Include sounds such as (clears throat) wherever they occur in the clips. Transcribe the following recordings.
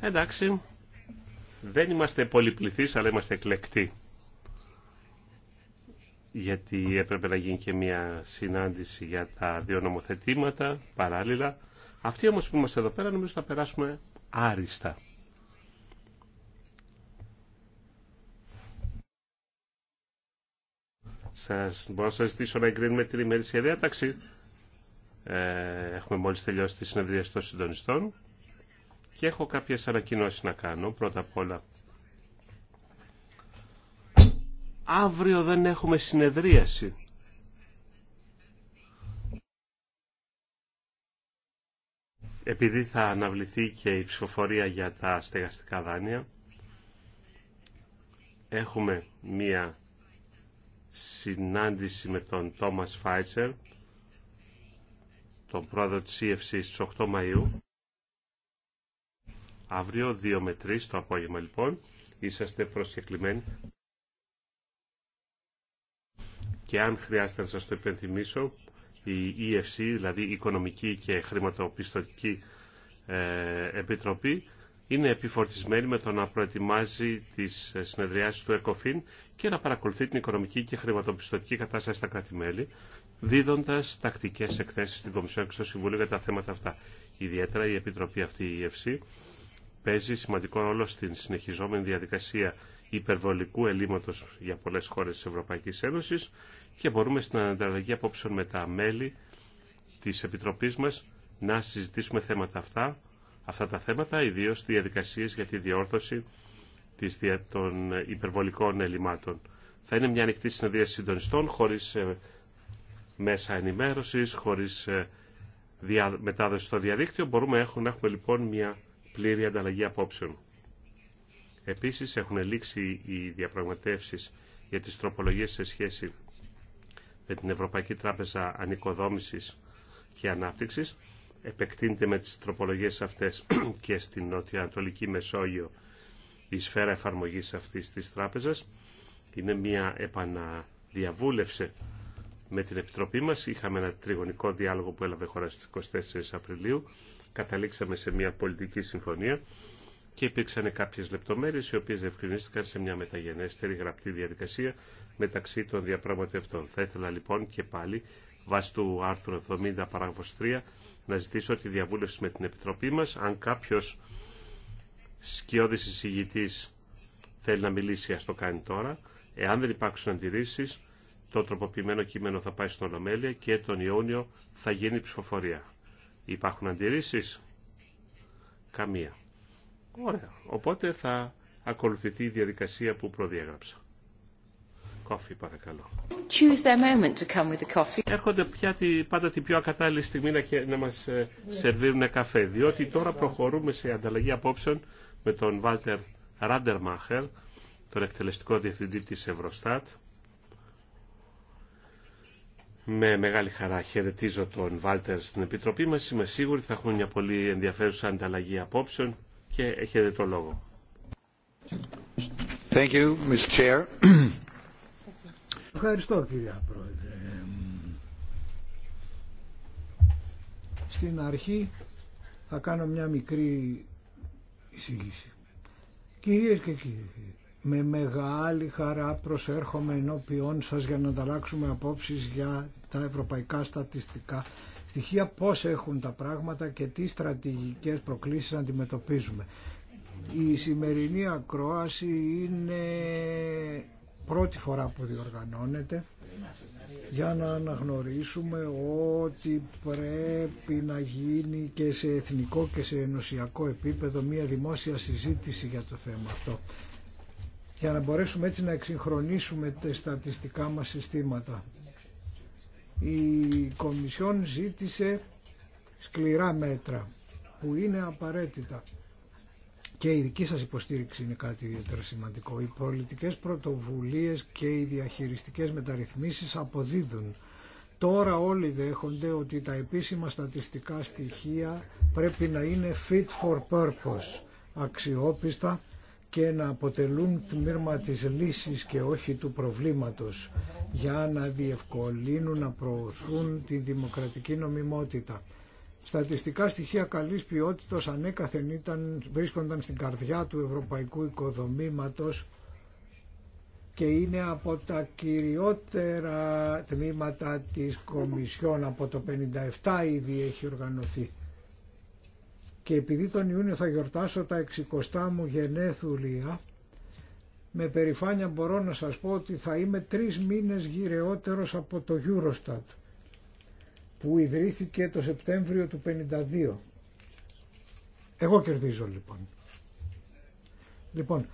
Εντάξει, δεν είμαστε πολυπληθείς, αλλά είμαστε εκλεκτοί. Γιατί έπρεπε να γίνει και μια συνάντηση για τα δύο νομοθετήματα παράλληλα. Αυτοί όμως που είμαστε εδώ πέρα νομίζω θα περάσουμε άριστα. Σας, μπορώ να σας ζητήσω να εγκρίνουμε την ημερήσια διάταξη. Ε, έχουμε μόλις τελειώσει τη συνεδρία των συντονιστών. Και έχω κάποιες ανακοινώσεις να κάνω. Πρώτα απ' όλα, αύριο δεν έχουμε συνεδρίαση. Επειδή θα αναβληθεί και η ψηφοφορία για τα στεγαστικά δάνεια, έχουμε μία συνάντηση με τον Τόμας Φάιτσερ, τον πρόεδρο της CFC στις 8 Μαΐου αύριο 2 με 3 το απόγευμα λοιπόν. Είσαστε προσκεκλημένοι. Και αν χρειάζεται να σας το υπενθυμίσω, η EFC, δηλαδή η Οικονομική και Χρηματοπιστωτική ε, Επιτροπή, είναι επιφορτισμένη με το να προετοιμάζει τις ε, συνεδριάσεις του ΕΚΟΦΗΝ και να παρακολουθεί την οικονομική και χρηματοπιστωτική κατάσταση στα κράτη-μέλη, δίδοντας τακτικές εκθέσεις στην Κομισιόν και στο Συμβούλιο για τα θέματα αυτά. Ιδιαίτερα η Επιτροπή αυτή, η EFC, παίζει σημαντικό ρόλο στην συνεχιζόμενη διαδικασία υπερβολικού ελλείμματος για πολλές χώρες της Ευρωπαϊκής Ένωσης και μπορούμε στην ανταλλαγή απόψεων με τα μέλη της Επιτροπής μας να συζητήσουμε θέματα αυτά, αυτά τα θέματα, ιδίως διαδικασίες για τη διόρθωση των υπερβολικών ελλημάτων. Θα είναι μια ανοιχτή συνεδρία συντονιστών, χωρίς ε, μέσα ενημέρωσης, χωρίς ε, μετάδοση στο διαδίκτυο. Μπορούμε να έχουμε λοιπόν μια πλήρη ανταλλαγή απόψεων. Επίσης έχουν λήξει οι διαπραγματεύσεις για τις τροπολογίες σε σχέση με την Ευρωπαϊκή Τράπεζα Ανοικοδόμησης και Ανάπτυξης. Επεκτείνεται με τις τροπολογίες αυτές (clears throat) και στην Νοτιοανατολική Μεσόγειο η σφαίρα εφαρμογής αυτής της τράπεζας. Είναι μια επαναδιαβούλευση με την Επιτροπή μας. Είχαμε ένα τριγωνικό διάλογο που έλαβε χώρα στις 24 Απριλίου καταλήξαμε σε μια πολιτική συμφωνία και υπήρξαν κάποιε λεπτομέρειε οι οποίε διευκρινίστηκαν σε μια μεταγενέστερη γραπτή διαδικασία μεταξύ των διαπραγματευτών. Θα ήθελα λοιπόν και πάλι βάσει του άρθρου 70 παράγραφος 3 να ζητήσω τη διαβούλευση με την Επιτροπή μας. Αν κάποιος σκιώδης εισηγητής θέλει να μιλήσει ας το κάνει τώρα. Εάν δεν υπάρξουν αντιρρήσεις το τροποποιημένο κείμενο θα πάει στην Ολομέλεια και τον Ιούνιο θα γίνει ψηφοφορία. Υπάρχουν αντιρρήσεις. Καμία. Ωραία. Οπότε θα ακολουθηθεί η διαδικασία που προδιέγραψα. Κόφι, παρακαλώ. Choose moment to come with coffee. Έρχονται πια πάντα την πιο ακατάλληλη στιγμή να, να μας ε, σερβίρουν καφέ, διότι τώρα προχωρούμε σε ανταλλαγή απόψεων με τον Βάλτερ Ράντερμαχερ, τον εκτελεστικό διευθυντή της Ευρωστάτ, με μεγάλη χαρά χαιρετίζω τον Βάλτερ στην Επιτροπή μας. Είμαι σίγουρη θα έχουμε μια πολύ ενδιαφέρουσα ανταλλαγή απόψεων και έχετε το λόγο. Thank you, Chair. Ευχαριστώ κυρία Πρόεδρε. Στην αρχή θα κάνω μια μικρή εισηγήση. Κυρίες και κύριοι, με μεγάλη χαρά προσέρχομαι ενώπιόν σας για να ανταλλάξουμε απόψεις για ευρωπαϊκά στατιστικά στοιχεία, πώς έχουν τα πράγματα και τι στρατηγικές προκλήσεις αντιμετωπίζουμε. Η σημερινή ακρόαση είναι πρώτη φορά που διοργανώνεται για να αναγνωρίσουμε ότι πρέπει να γίνει και σε εθνικό και σε ενωσιακό επίπεδο μια δημόσια συζήτηση για το θέμα αυτό για να μπορέσουμε έτσι να εξυγχρονίσουμε τα στατιστικά μας συστήματα η Κομισιόν ζήτησε σκληρά μέτρα που είναι απαραίτητα. Και η δική σας υποστήριξη είναι κάτι ιδιαίτερα σημαντικό. Οι πολιτικές πρωτοβουλίες και οι διαχειριστικές μεταρρυθμίσεις αποδίδουν. Τώρα όλοι δέχονται ότι τα επίσημα στατιστικά στοιχεία πρέπει να είναι fit for purpose, αξιόπιστα και να αποτελούν τμήρμα της λύσης και όχι του προβλήματος για να διευκολύνουν, να προωθούν τη δημοκρατική νομιμότητα. Στατιστικά στοιχεία καλής ποιότητας ανέκαθεν ήταν, βρίσκονταν στην καρδιά του ευρωπαϊκού οικοδομήματος και είναι από τα κυριότερα τμήματα της Κομισιόν. Από το 1957 ήδη έχει οργανωθεί και επειδή τον Ιούνιο θα γιορτάσω τα 60 μου γενέθλια, με περηφάνεια μπορώ να σας πω ότι θα είμαι τρεις μήνες γυρεότερος από το Eurostat που ιδρύθηκε το Σεπτέμβριο του 52. Εγώ κερδίζω λοιπόν. Λοιπόν,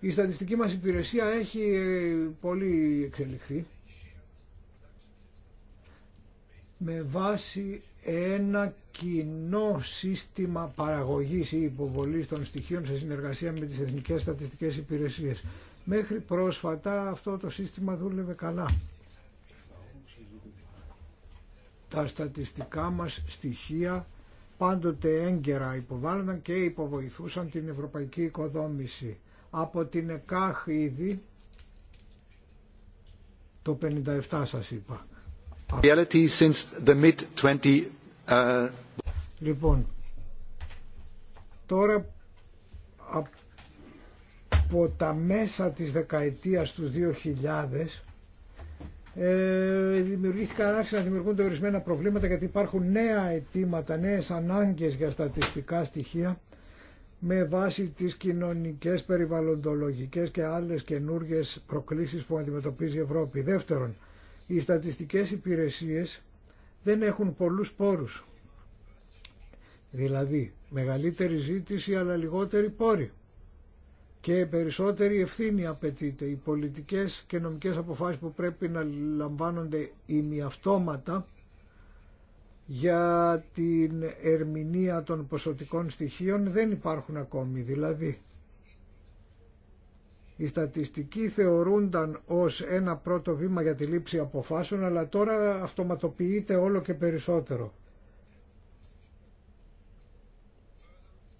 η στατιστική μας υπηρεσία έχει ε, πολύ εξελιχθεί με βάση ένα κοινό σύστημα παραγωγής ή υποβολής των στοιχείων σε συνεργασία με τις Εθνικές Στατιστικές Υπηρεσίες. Μέχρι πρόσφατα αυτό το σύστημα δούλευε καλά. Τα στατιστικά μας στοιχεία πάντοτε έγκαιρα υποβάλλονταν και υποβοηθούσαν την ευρωπαϊκή οικοδόμηση. Από την ΕΚΑΧ ήδη, το 57 σας είπα, Uh, λοιπόν, τώρα από τα μέσα της δεκαετίας του 2000 ε, δημιουργήθηκαν άρχισαν να δημιουργούνται ορισμένα προβλήματα γιατί υπάρχουν νέα αιτήματα, νέες ανάγκες για στατιστικά στοιχεία με βάση τις κοινωνικές, περιβαλλοντολογικές και άλλες καινούργιες προκλήσεις που αντιμετωπίζει η Ευρώπη. Δεύτερον, οι στατιστικές υπηρεσίες δεν έχουν πολλούς πόρους. Δηλαδή, μεγαλύτερη ζήτηση αλλά λιγότερη πόρη. Και περισσότερη ευθύνη απαιτείται. Οι πολιτικές και νομικές αποφάσεις που πρέπει να λαμβάνονται ημιαυτόματα για την ερμηνεία των ποσοτικών στοιχείων δεν υπάρχουν ακόμη. Δηλαδή, οι στατιστικοί θεωρούνταν ως ένα πρώτο βήμα για τη λήψη αποφάσεων, αλλά τώρα αυτοματοποιείται όλο και περισσότερο.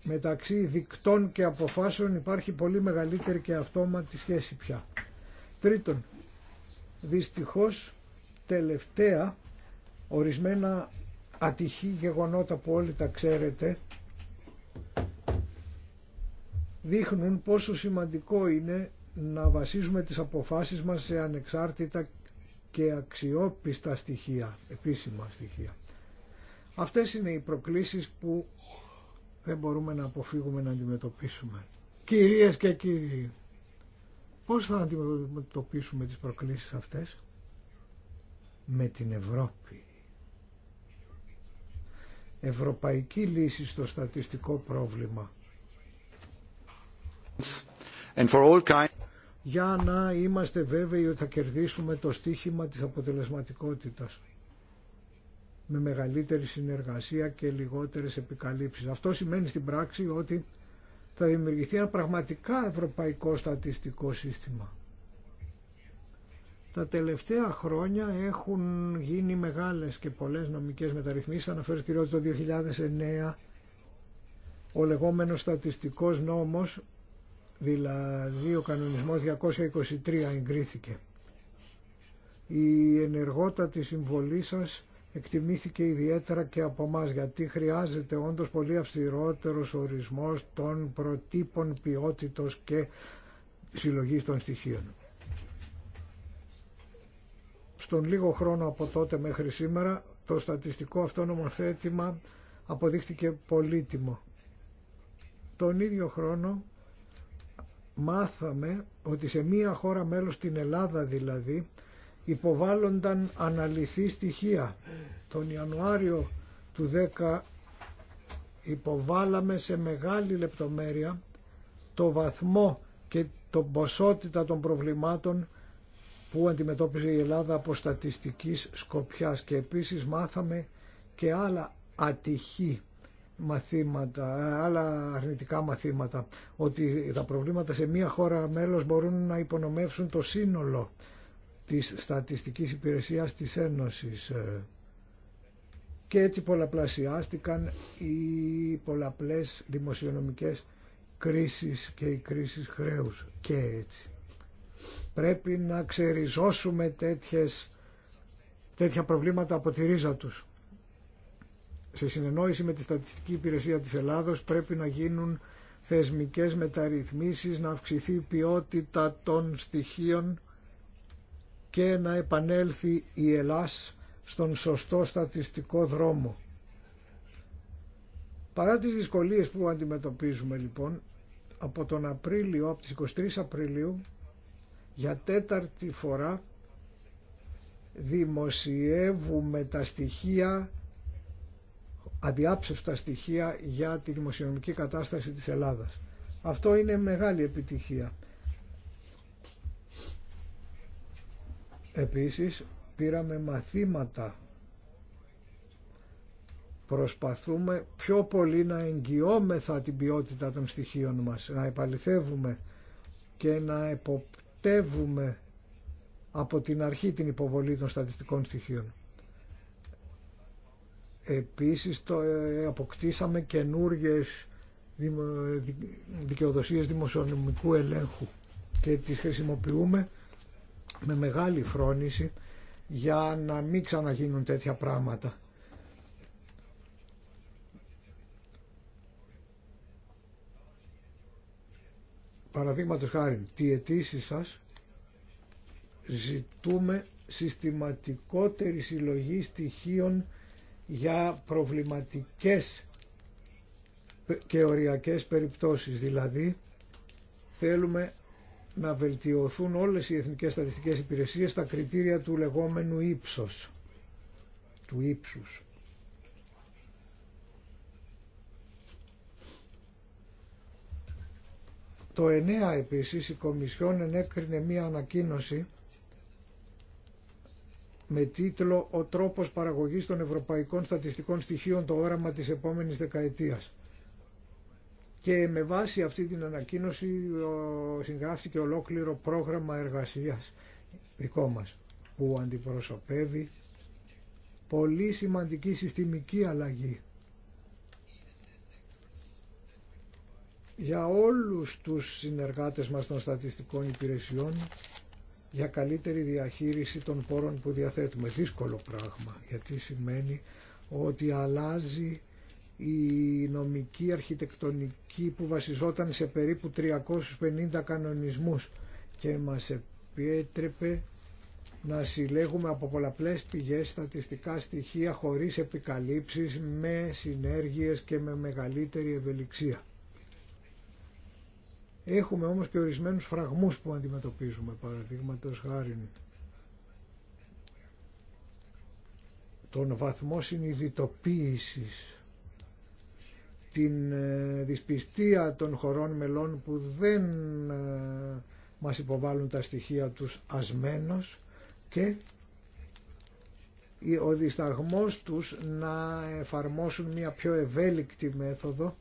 Μεταξύ δικτών και αποφάσεων υπάρχει πολύ μεγαλύτερη και αυτόματη σχέση πια. Τρίτον, δυστυχώς τελευταία ορισμένα ατυχή γεγονότα που όλοι τα ξέρετε δείχνουν πόσο σημαντικό είναι να βασίζουμε τις αποφάσεις μας σε ανεξάρτητα και αξιόπιστα στοιχεία, επίσημα στοιχεία. Αυτές είναι οι προκλήσεις που δεν μπορούμε να αποφύγουμε να αντιμετωπίσουμε. Κυρίες και κύριοι, πώς θα αντιμετωπίσουμε τις προκλήσεις αυτές με την Ευρώπη. Ευρωπαϊκή λύση στο στατιστικό πρόβλημα για να είμαστε βέβαιοι ότι θα κερδίσουμε το στίχημα της αποτελεσματικότητας με μεγαλύτερη συνεργασία και λιγότερες επικαλύψεις. Αυτό σημαίνει στην πράξη ότι θα δημιουργηθεί ένα πραγματικά ευρωπαϊκό στατιστικό σύστημα. Τα τελευταία χρόνια έχουν γίνει μεγάλες και πολλές νομικές μεταρρυθμίσεις. Θα αναφέρω κυρίως το 2009 ο λεγόμενος στατιστικός νόμος δηλαδή ο κανονισμός 223 εγκρίθηκε. Η ενεργότατη συμβολή σας εκτιμήθηκε ιδιαίτερα και από εμά γιατί χρειάζεται όντως πολύ αυστηρότερος ορισμός των προτύπων ποιότητος και συλλογής των στοιχείων. Στον λίγο χρόνο από τότε μέχρι σήμερα το στατιστικό αυτό νομοθέτημα αποδείχτηκε πολύτιμο. Τον ίδιο χρόνο μάθαμε ότι σε μία χώρα μέλος στην Ελλάδα δηλαδή υποβάλλονταν αναλυθή στοιχεία. Τον Ιανουάριο του 10 υποβάλαμε σε μεγάλη λεπτομέρεια το βαθμό και το ποσότητα των προβλημάτων που αντιμετώπιζε η Ελλάδα από στατιστικής σκοπιάς και επίσης μάθαμε και άλλα ατυχή μαθήματα, άλλα αρνητικά μαθήματα, ότι τα προβλήματα σε μία χώρα μέλος μπορούν να υπονομεύσουν το σύνολο της στατιστικής υπηρεσίας της Ένωσης. Και έτσι πολλαπλασιάστηκαν οι πολλαπλές δημοσιονομικές κρίσεις και οι κρίσεις χρέους. Και έτσι. Πρέπει να ξεριζώσουμε τέτοιες, τέτοια προβλήματα από τη ρίζα τους σε συνεννόηση με τη Στατιστική Υπηρεσία της Ελλάδος πρέπει να γίνουν θεσμικές μεταρρυθμίσεις, να αυξηθεί η ποιότητα των στοιχείων και να επανέλθει η Ελλάς στον σωστό στατιστικό δρόμο. Παρά τις δυσκολίες που αντιμετωπίζουμε λοιπόν, από τον Απρίλιο, από τις 23 Απριλίου, για τέταρτη φορά δημοσιεύουμε τα στοιχεία τα στοιχεία για τη δημοσιονομική κατάσταση της Ελλάδας. Αυτό είναι μεγάλη επιτυχία. Επίσης πήραμε μαθήματα. Προσπαθούμε πιο πολύ να εγγυόμεθα την ποιότητα των στοιχείων μας, να επαληθεύουμε και να εποπτεύουμε από την αρχή την υποβολή των στατιστικών στοιχείων. Επίσης το, ε, αποκτήσαμε καινούργιες δικαιοδοσίες δημοσιονομικού ελέγχου και τις χρησιμοποιούμε με μεγάλη φρόνηση για να μην ξαναγίνουν τέτοια πράγματα. Παραδείγματο χάρη, τι αιτήσει σας ζητούμε συστηματικότερη συλλογή στοιχείων για προβληματικές και οριακές περιπτώσεις. Δηλαδή θέλουμε να βελτιωθούν όλες οι εθνικές στατιστικές υπηρεσίες στα κριτήρια του λεγόμενου ύψος, του ύψους. Το 9 επίσης η Κομισιόν ενέκρινε μία ανακοίνωση με τίτλο «Ο τρόπος παραγωγής των ευρωπαϊκών στατιστικών στοιχείων το όραμα της επόμενης δεκαετίας». Και με βάση αυτή την ανακοίνωση συγγράφτηκε ολόκληρο πρόγραμμα εργασίας δικό μας που αντιπροσωπεύει πολύ σημαντική συστημική αλλαγή για όλους τους συνεργάτες μας των στατιστικών υπηρεσιών για καλύτερη διαχείριση των πόρων που διαθέτουμε. Δύσκολο πράγμα, γιατί σημαίνει ότι αλλάζει η νομική αρχιτεκτονική που βασιζόταν σε περίπου 350 κανονισμούς και μας επέτρεπε να συλλέγουμε από πολλαπλές πηγές στατιστικά στοιχεία χωρίς επικαλύψεις, με συνέργειες και με μεγαλύτερη ευελιξία. Έχουμε όμως και ορισμένους φραγμούς που αντιμετωπίζουμε, παραδείγματο χάρη τον βαθμό συνειδητοποίηση την ε, δυσπιστία των χωρών μελών που δεν ε, μας υποβάλλουν τα στοιχεία τους ασμένος και ο δισταγμός τους να εφαρμόσουν μια πιο ευέλικτη μέθοδο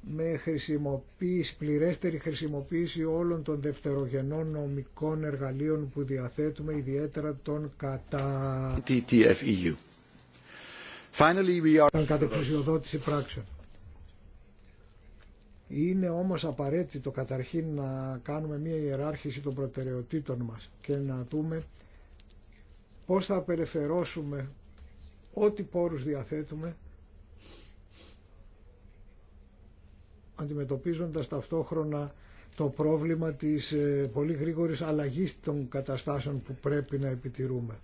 με χρησιμοποίηση, πληρέστερη χρησιμοποίηση όλων των δευτερογενών νομικών εργαλείων που διαθέτουμε, ιδιαίτερα των κατά... E Finally, we are... κατεξουσιοδότηση πράξεων. Είναι όμως απαραίτητο καταρχήν να κάνουμε μια ιεράρχηση των προτεραιοτήτων μας και να δούμε πώς θα απελευθερώσουμε ό,τι πόρους διαθέτουμε αντιμετωπίζοντας ταυτόχρονα το πρόβλημα της ε, πολύ γρήγορης αλλαγής των καταστάσεων που πρέπει να επιτηρούμε.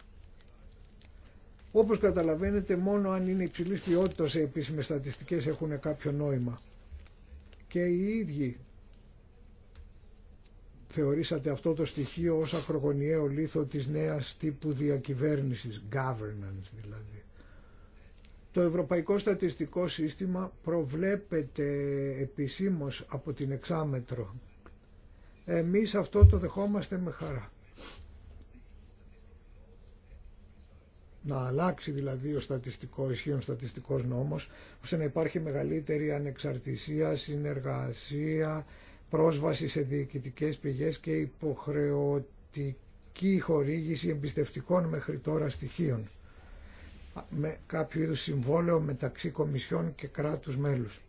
Όπως καταλαβαίνετε μόνο αν είναι υψηλής ποιότητας οι επίσημες στατιστικές έχουν κάποιο νόημα. Και οι ίδιοι θεωρήσατε αυτό το στοιχείο ως ακρογωνιαίο λίθο της νέας τύπου διακυβέρνησης, governance δηλαδή. Το Ευρωπαϊκό Στατιστικό Σύστημα προβλέπεται επισήμως από την εξάμετρο. Εμείς αυτό το δεχόμαστε με χαρά. Να αλλάξει δηλαδή ο στατιστικό, ισχύον στατιστικός νόμος, ώστε να υπάρχει μεγαλύτερη ανεξαρτησία, συνεργασία, πρόσβαση σε διοικητικές πηγές και υποχρεωτική χορήγηση εμπιστευτικών μέχρι τώρα στοιχείων με κάποιο είδους συμβόλαιο μεταξύ Κομισιών και κράτους μέλους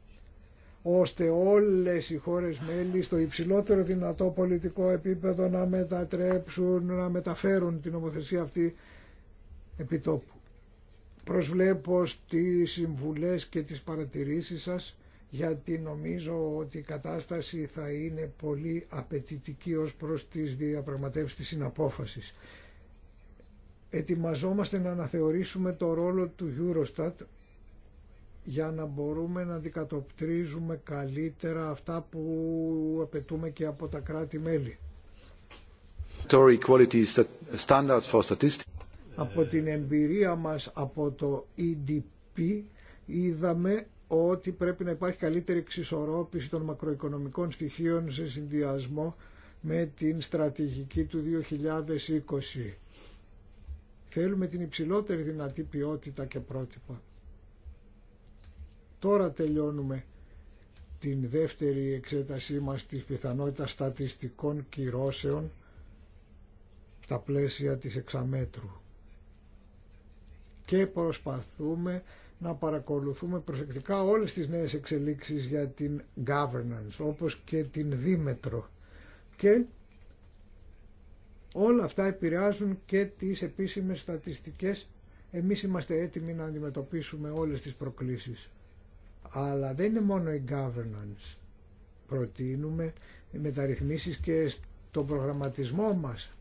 ώστε όλες οι χώρες μέλη στο υψηλότερο δυνατό πολιτικό επίπεδο να μετατρέψουν, να μεταφέρουν την νομοθεσία αυτή επιτόπου. Προσβλέπω στις συμβουλές και τις παρατηρήσεις σας γιατί νομίζω ότι η κατάσταση θα είναι πολύ απαιτητική ως προς τις διαπραγματεύσεις της συναπόφασης ετοιμαζόμαστε να αναθεωρήσουμε το ρόλο του Eurostat για να μπορούμε να αντικατοπτρίζουμε καλύτερα αυτά που απαιτούμε και από τα κράτη-μέλη. Από την εμπειρία μας από το EDP είδαμε ότι πρέπει να υπάρχει καλύτερη εξισορρόπηση των μακροοικονομικών στοιχείων σε συνδυασμό με την στρατηγική του 2020. Θέλουμε την υψηλότερη δυνατή ποιότητα και πρότυπα. Τώρα τελειώνουμε την δεύτερη εξέτασή μας της πιθανότητας στατιστικών κυρώσεων στα πλαίσια της εξαμέτρου. Και προσπαθούμε να παρακολουθούμε προσεκτικά όλες τις νέες εξελίξεις για την governance, όπως και την δίμετρο. Και Όλα αυτά επηρεάζουν και τις επίσημες στατιστικές. Εμείς είμαστε έτοιμοι να αντιμετωπίσουμε όλες τις προκλήσεις. Αλλά δεν είναι μόνο η governance. Προτείνουμε μεταρρυθμίσεις και στον προγραμματισμό μας.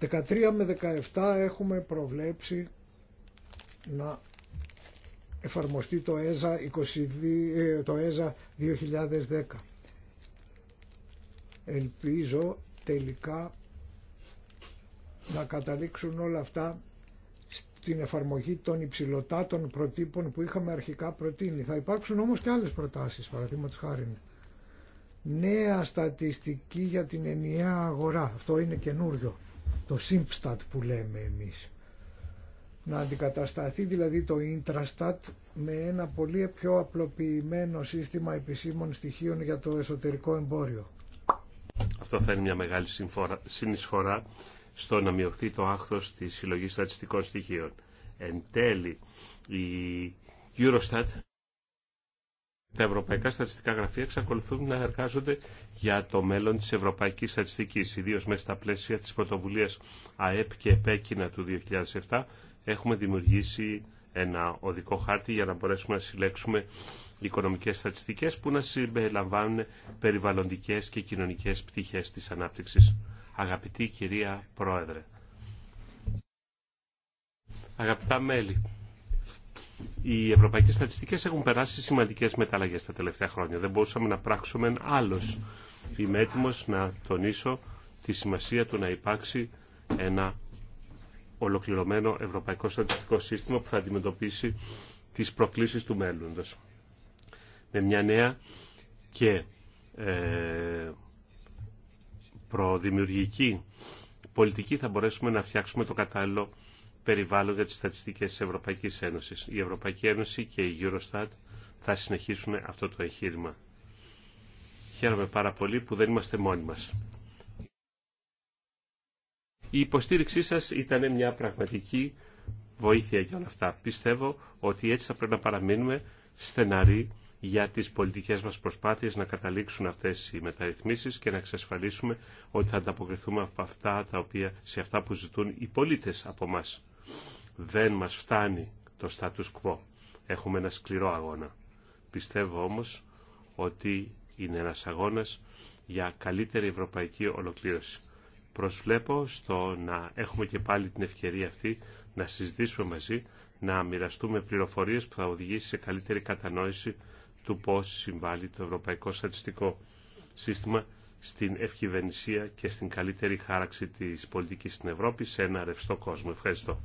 13 με 17 έχουμε προβλέψει να εφαρμοστεί το ΕΖΑ, ε, το ΕΖΑ 2010. Ελπίζω τελικά να καταλήξουν όλα αυτά στην εφαρμογή των υψηλοτάτων προτύπων που είχαμε αρχικά προτείνει. Θα υπάρξουν όμως και άλλες προτάσεις, παραδείγματος χάρη. Νέα στατιστική για την ενιαία αγορά. Αυτό είναι καινούριο. Το Simpstat που λέμε εμείς. Να αντικατασταθεί δηλαδή το Intrastat με ένα πολύ πιο απλοποιημένο σύστημα επισήμων στοιχείων για το εσωτερικό εμπόριο αυτό θα είναι μια μεγάλη συνεισφορά στο να μειωθεί το άχθος της συλλογής στατιστικών στοιχείων. Εν τέλει, η Eurostat, τα ευρωπαϊκά στατιστικά γραφεία εξακολουθούν να εργάζονται για το μέλλον της ευρωπαϊκής στατιστικής, ιδίως μέσα στα πλαίσια της πρωτοβουλίας ΑΕΠ και επέκεινα του 2007, έχουμε δημιουργήσει ένα οδικό χάρτη για να μπορέσουμε να συλλέξουμε οικονομικές στατιστικές που να συμπεριλαμβάνουν περιβαλλοντικές και κοινωνικές πτυχές της ανάπτυξης. Αγαπητή κυρία Πρόεδρε, αγαπητά μέλη, οι ευρωπαϊκές στατιστικές έχουν περάσει σημαντικές μεταλλαγές τα τελευταία χρόνια. Δεν μπορούσαμε να πράξουμε άλλος. Είμαι έτοιμο να τονίσω τη σημασία του να υπάρξει ένα ολοκληρωμένο ευρωπαϊκό στατιστικό σύστημα που θα αντιμετωπίσει τις προκλήσεις του μέλλοντος με μια νέα και ε, προδημιουργική πολιτική θα μπορέσουμε να φτιάξουμε το κατάλληλο περιβάλλον για τις στατιστικές της Ευρωπαϊκής Ένωσης. Η Ευρωπαϊκή Ένωση και η Eurostat θα συνεχίσουν αυτό το εγχείρημα. Χαίρομαι πάρα πολύ που δεν είμαστε μόνοι μας. Η υποστήριξή σας ήταν μια πραγματική βοήθεια για όλα αυτά. Πιστεύω ότι έτσι θα πρέπει να παραμείνουμε στεναροί για τις πολιτικές μας προσπάθειες να καταλήξουν αυτές οι μεταρρυθμίσεις και να εξασφαλίσουμε ότι θα ανταποκριθούμε από αυτά τα οποία, σε αυτά που ζητούν οι πολίτες από μας. Δεν μας φτάνει το status quo. Έχουμε ένα σκληρό αγώνα. Πιστεύω όμως ότι είναι ένας αγώνας για καλύτερη ευρωπαϊκή ολοκλήρωση. Προσβλέπω στο να έχουμε και πάλι την ευκαιρία αυτή να συζητήσουμε μαζί, να μοιραστούμε πληροφορίες που θα οδηγήσει σε καλύτερη κατανόηση του πώς συμβάλλει το Ευρωπαϊκό Στατιστικό Σύστημα στην ευκυβερνησία και στην καλύτερη χάραξη της πολιτικής στην Ευρώπη σε ένα ρευστό κόσμο. Ευχαριστώ.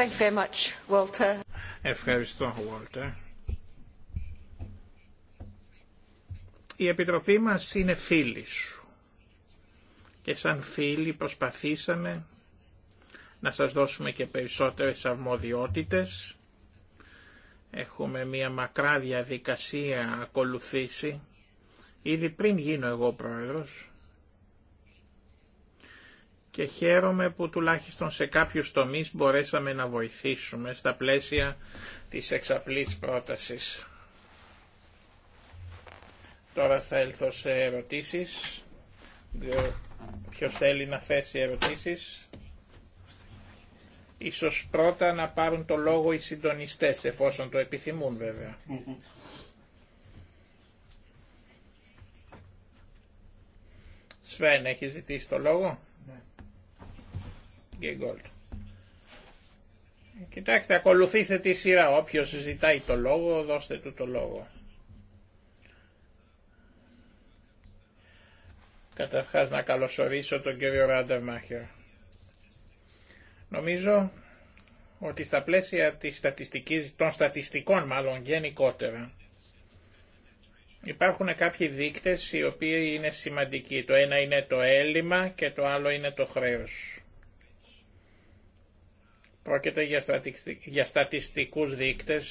Thank you very much, Walter. Ευχαριστώ, Walter. Η Επιτροπή μας είναι φίλη σου και σαν φίλοι προσπαθήσαμε να σας δώσουμε και περισσότερες αρμοδιότητες. Έχουμε μία μακρά διαδικασία ακολουθήσει, ήδη πριν γίνω εγώ πρόεδρος. Και χαίρομαι που τουλάχιστον σε κάποιους τομείς μπορέσαμε να βοηθήσουμε στα πλαίσια της εξαπλής πρότασης. Τώρα θα έλθω σε ερωτήσεις. Ποιος θέλει να θέσει ερωτήσεις. Ίσως πρώτα να πάρουν το λόγο οι συντονιστές, εφόσον το επιθυμούν βέβαια. Σφέν, έχει ζητήσει το λόγο. Ναι. Κοιτάξτε, ακολουθήστε τη σειρά. Όποιος ζητάει το λόγο, δώστε του το λόγο. Καταρχάς να καλωσορίσω τον κύριο Ράντερ Μάχερ. Νομίζω ότι στα πλαίσια της στατιστικής, των στατιστικών μάλλον γενικότερα υπάρχουν κάποιοι δείκτες οι οποίοι είναι σημαντικοί. Το ένα είναι το έλλειμμα και το άλλο είναι το χρέος. Πρόκειται για, για στατιστικούς δείκτες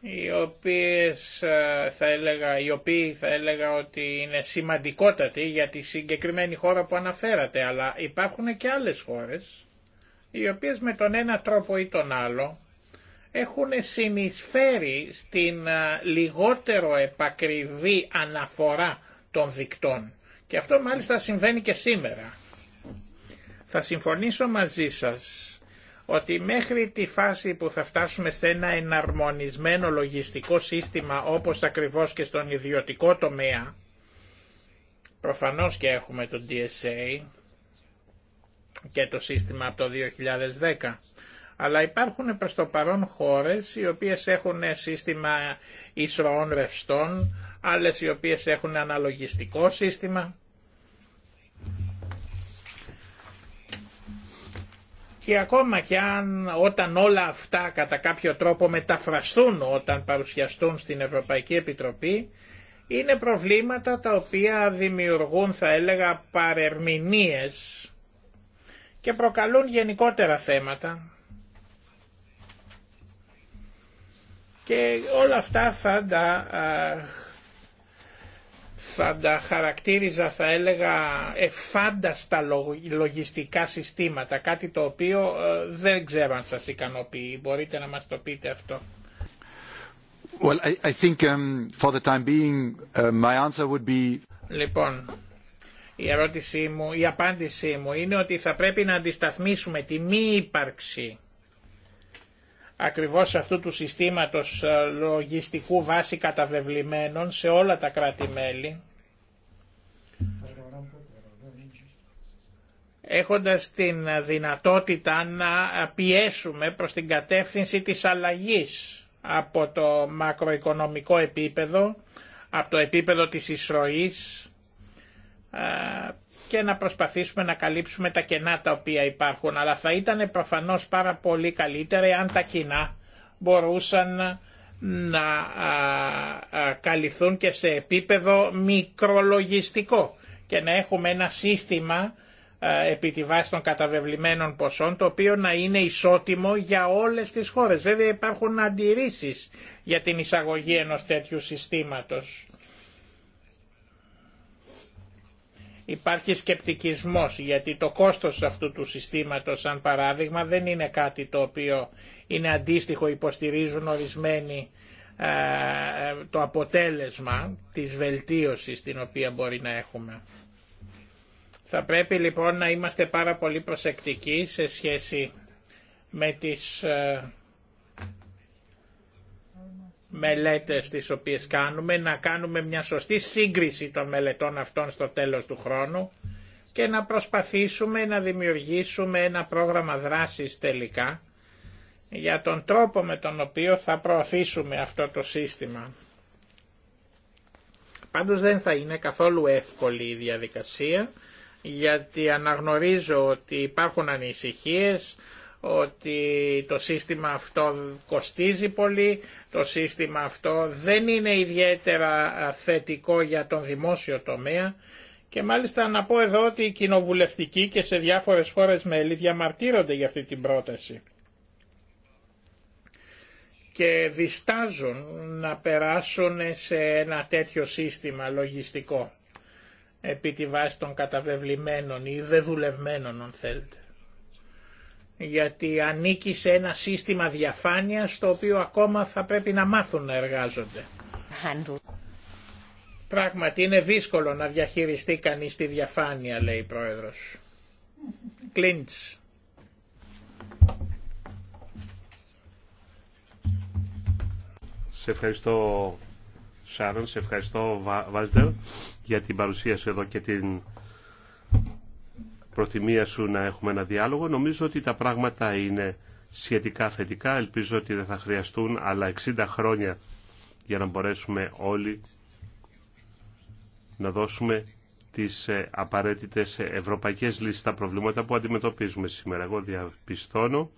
οι οποίες ε, θα έλεγα, οι οποίοι θα έλεγα ότι είναι σημαντικότατοι για τη συγκεκριμένη χώρα που αναφέρατε, αλλά υπάρχουν και άλλες χώρες οι οποίες με τον ένα τρόπο ή τον άλλο έχουν συνεισφέρει στην ε, λιγότερο επακριβή αναφορά των δικτών. Και αυτό μάλιστα συμβαίνει και σήμερα. Θα συμφωνήσω μαζί σας ότι μέχρι τη φάση που θα φτάσουμε σε ένα εναρμονισμένο λογιστικό σύστημα όπως ακριβώς και στον ιδιωτικό τομέα, προφανώς και έχουμε τον DSA και το σύστημα από το 2010, αλλά υπάρχουν προς το παρόν χώρες οι οποίες έχουν σύστημα ισροών ρευστών, άλλες οι οποίες έχουν αναλογιστικό σύστημα και ακόμα και αν όταν όλα αυτά κατά κάποιο τρόπο μεταφραστούν όταν παρουσιαστούν στην Ευρωπαϊκή Επιτροπή είναι προβλήματα τα οποία δημιουργούν θα έλεγα παρερμηνίες και προκαλούν γενικότερα θέματα και όλα αυτά θα τα θα τα χαρακτήριζα θα έλεγα εφάνταστα λογιστικά συστήματα, κάτι το οποίο ε, δεν ξέρω αν σας ικανοποιεί. Μπορείτε να μας το πείτε αυτό. Λοιπόν, η ερώτησή μου, η απάντησή μου είναι ότι θα πρέπει να αντισταθμίσουμε τη μη ύπαρξη ακριβώς αυτού του συστήματος ε, λογιστικού βάση καταβεβλημένων σε όλα τα κράτη-μέλη, έχοντας την δυνατότητα να πιέσουμε προς την κατεύθυνση της αλλαγής από το μακροοικονομικό επίπεδο, από το επίπεδο της ισροής, ε, και να προσπαθήσουμε να καλύψουμε τα κενά τα οποία υπάρχουν. Αλλά θα ήταν προφανώς πάρα πολύ καλύτερα αν τα κοινά μπορούσαν να καλυφθούν και σε επίπεδο μικρολογιστικό και να έχουμε ένα σύστημα επί τη βάση των καταβεβλημένων ποσών το οποίο να είναι ισότιμο για όλες τις χώρες. Βέβαια υπάρχουν αντιρρήσεις για την εισαγωγή ενός τέτοιου συστήματος. Υπάρχει σκεπτικισμός γιατί το κόστος αυτού του συστήματος σαν παράδειγμα δεν είναι κάτι το οποίο είναι αντίστοιχο υποστηρίζουν ορισμένοι το αποτέλεσμα της βελτίωσης την οποία μπορεί να έχουμε. Θα πρέπει λοιπόν να είμαστε πάρα πολύ προσεκτικοί σε σχέση με τις ε, μελέτες τις οποίες κάνουμε, να κάνουμε μια σωστή σύγκριση των μελετών αυτών στο τέλος του χρόνου και να προσπαθήσουμε να δημιουργήσουμε ένα πρόγραμμα δράσης τελικά για τον τρόπο με τον οποίο θα προωθήσουμε αυτό το σύστημα. Πάντως δεν θα είναι καθόλου εύκολη η διαδικασία γιατί αναγνωρίζω ότι υπάρχουν ανησυχίες, ότι το σύστημα αυτό κοστίζει πολύ, το σύστημα αυτό δεν είναι ιδιαίτερα θετικό για τον δημόσιο τομέα και μάλιστα να πω εδώ ότι οι κοινοβουλευτικοί και σε διάφορες χώρες μέλη διαμαρτύρονται για αυτή την πρόταση και διστάζουν να περάσουν σε ένα τέτοιο σύστημα λογιστικό επί τη βάση των καταβεβλημένων ή δουλευμένων αν θέλετε γιατί ανήκει σε ένα σύστημα διαφάνειας το οποίο ακόμα θα πρέπει να μάθουν να εργάζονται. Πράγματι είναι δύσκολο να διαχειριστεί κανείς τη διαφάνεια, λέει η Πρόεδρος. Κλίντς. Σε ευχαριστώ Σάρων, σε ευχαριστώ Βάλτερ για την παρουσίαση εδώ και την προθυμία σου να έχουμε ένα διάλογο. Νομίζω ότι τα πράγματα είναι σχετικά θετικά. Ελπίζω ότι δεν θα χρειαστούν άλλα 60 χρόνια για να μπορέσουμε όλοι να δώσουμε τις ε, απαραίτητες ευρωπαϊκές λύσεις στα προβλήματα που αντιμετωπίζουμε σήμερα. Εγώ διαπιστώνω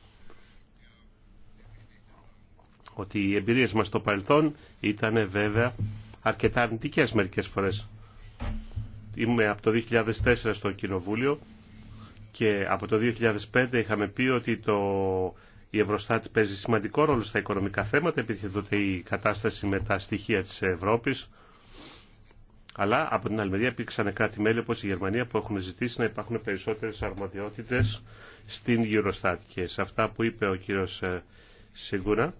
ότι οι εμπειρίες μας στο παρελθόν ήταν βέβαια αρκετά αρνητικές μερικές φορές. Είμαι από το 2004 στο Κοινοβούλιο και από το 2005 είχαμε πει ότι το, η Ευρωστάτη παίζει σημαντικό ρόλο στα οικονομικά θέματα, υπήρχε τότε η κατάσταση με τα στοιχεία της Ευρώπης. Αλλά από την άλλη μεριά υπήρξαν κράτη-μέλη όπως η Γερμανία που έχουν ζητήσει να υπάρχουν περισσότερες αρμοδιότητες στην Eurostat. Και σε αυτά που είπε ο κύριος ε, Σιγκούνα,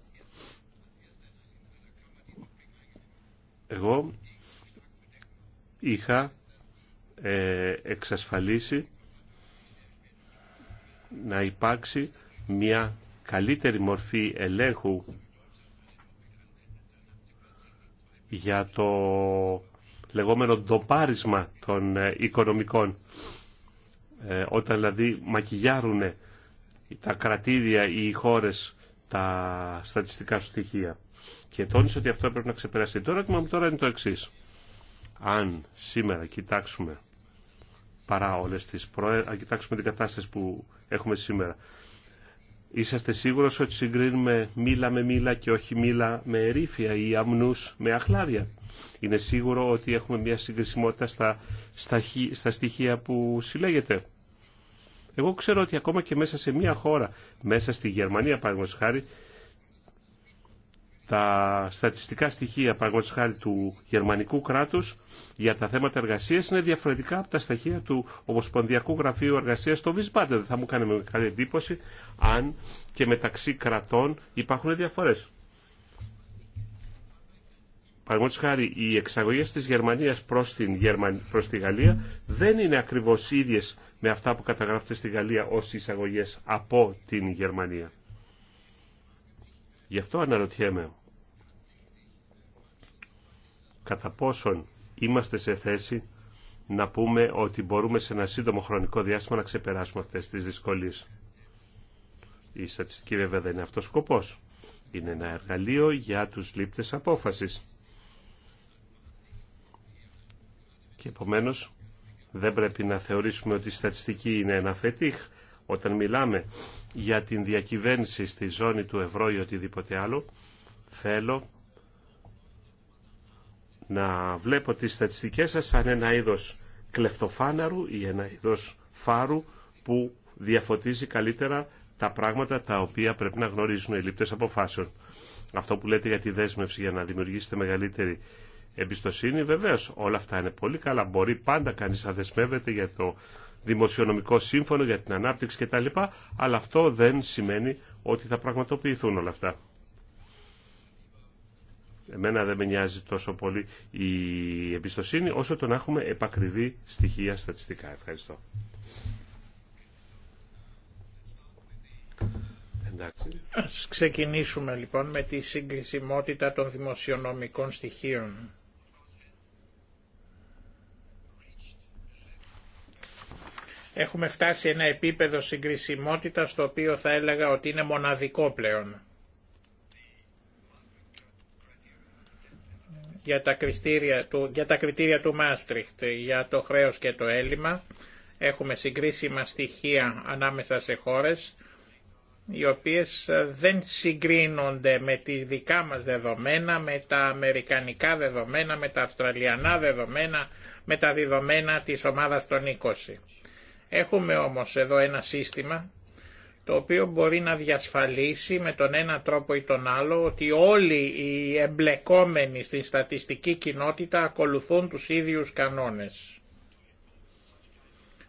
εγώ είχα ε, εξασφαλίσει να υπάρξει μια καλύτερη μορφή ελέγχου για το λεγόμενο ντοπάρισμα των ε, οικονομικών. Ε, όταν δηλαδή μακιγιάρουν τα κρατήδια ή οι χώρες τα στατιστικά στοιχεία. Και τόνισε ότι αυτό έπρεπε να ξεπεραστεί. Το ερώτημα μου τώρα είναι το εξής. Αν σήμερα κοιτάξουμε παρά όλες τις προέ... Αν κοιτάξουμε την κατάσταση που έχουμε σήμερα. Είσαστε σίγουρο ότι συγκρίνουμε μήλα με μήλα και όχι μήλα με ερήφια ή Αμνού με αχλάδια. Είναι σίγουρο ότι έχουμε μια συγκρισιμότητα στα, στα, στα στοιχεία που συλλέγεται. Εγώ ξέρω ότι ακόμα και μέσα σε μια χώρα, μέσα στη Γερμανία παραδείγματο χάρη, τα στατιστικά στοιχεία παραγωγής χάρη του γερμανικού κράτους για τα θέματα εργασίας είναι διαφορετικά από τα στοιχεία του Ομοσπονδιακού Γραφείου Εργασίας στο Βισμπάντε. Δεν θα μου κάνει μεγάλη εντύπωση αν και μεταξύ κρατών υπάρχουν διαφορές. Παραδείγματο χάρη, οι εξαγωγέ τη Γερμανία προ Γερμαν... προς τη Γαλλία δεν είναι ακριβώ ίδιε με αυτά που καταγράφεται στη Γαλλία ω εισαγωγέ από την Γερμανία. Γι' αυτό αναρωτιέμαι κατά πόσον είμαστε σε θέση να πούμε ότι μπορούμε σε ένα σύντομο χρονικό διάστημα να ξεπεράσουμε αυτές τις δυσκολίες. Η στατιστική βέβαια δεν είναι αυτός ο σκοπός. Είναι ένα εργαλείο για τους λήπτες απόφασης. Και επομένως δεν πρέπει να θεωρήσουμε ότι η στατιστική είναι ένα φετίχ. Όταν μιλάμε για την διακυβέρνηση στη ζώνη του ευρώ ή οτιδήποτε άλλο, θέλω να βλέπω τις στατιστικές σας σαν ένα είδος κλεφτοφάναρου ή ένα είδος φάρου που διαφωτίζει καλύτερα τα πράγματα τα οποία πρέπει να γνωρίζουν οι λήπτες αποφάσεων. Αυτό που λέτε για τη δέσμευση για να δημιουργήσετε μεγαλύτερη εμπιστοσύνη, βεβαίω όλα αυτά είναι πολύ καλά. Μπορεί πάντα κανεί να δεσμεύεται για το δημοσιονομικό σύμφωνο, για την ανάπτυξη κτλ. Αλλά αυτό δεν σημαίνει ότι θα πραγματοποιηθούν όλα αυτά εμένα δεν με νοιάζει τόσο πολύ η εμπιστοσύνη όσο το να έχουμε επακριβή στοιχεία στατιστικά. Ευχαριστώ. Ας ξεκινήσουμε λοιπόν με τη συγκρισιμότητα των δημοσιονομικών στοιχείων. Έχουμε φτάσει ένα επίπεδο συγκρισιμότητας το οποίο θα έλεγα ότι είναι μοναδικό πλέον. για τα, κριτήρια του, για τα κριτήρια του Μάστριχτ, για το χρέος και το έλλειμμα. Έχουμε συγκρίσιμα στοιχεία ανάμεσα σε χώρες, οι οποίες ε, δεν συγκρίνονται με τη δικά μας δεδομένα, με τα αμερικανικά δεδομένα, με τα αυστραλιανά δεδομένα, με τα δεδομένα της ομάδας των 20. Έχουμε όμως εδώ ένα σύστημα το οποίο μπορεί να διασφαλίσει με τον ένα τρόπο ή τον άλλο ότι όλοι οι εμπλεκόμενοι στην στατιστική κοινότητα ακολουθούν τους ίδιους κανόνες.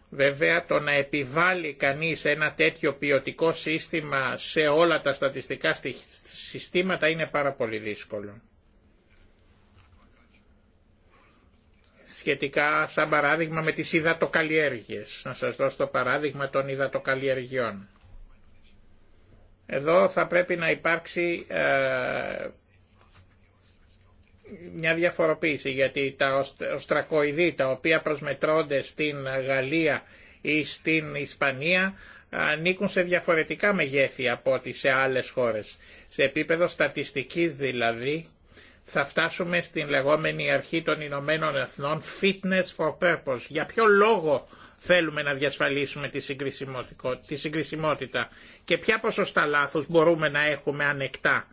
Βέβαια το να επιβάλλει κανείς ένα τέτοιο ποιοτικό σύστημα σε όλα τα στατιστικά συστήματα είναι πάρα πολύ δύσκολο. Σχετικά σαν παράδειγμα με τις υδατοκαλλιέργειες. Να σας δώσω το παράδειγμα των υδατοκαλλιεργειών. Εδώ θα πρέπει να υπάρξει ε, μια διαφοροποίηση γιατί τα οστρακοειδή τα οποία προσμετρώνται στην Γαλλία ή στην Ισπανία ανήκουν σε διαφορετικά μεγέθη από ό,τι σε άλλες χώρες. Σε επίπεδο στατιστικής δηλαδή θα φτάσουμε στην λεγόμενη αρχή των Ηνωμένων Εθνών fitness for purpose. Για ποιο λόγο θέλουμε να διασφαλίσουμε τη, τη συγκρισιμότητα και ποια ποσοστά λάθους μπορούμε να έχουμε ανεκτά.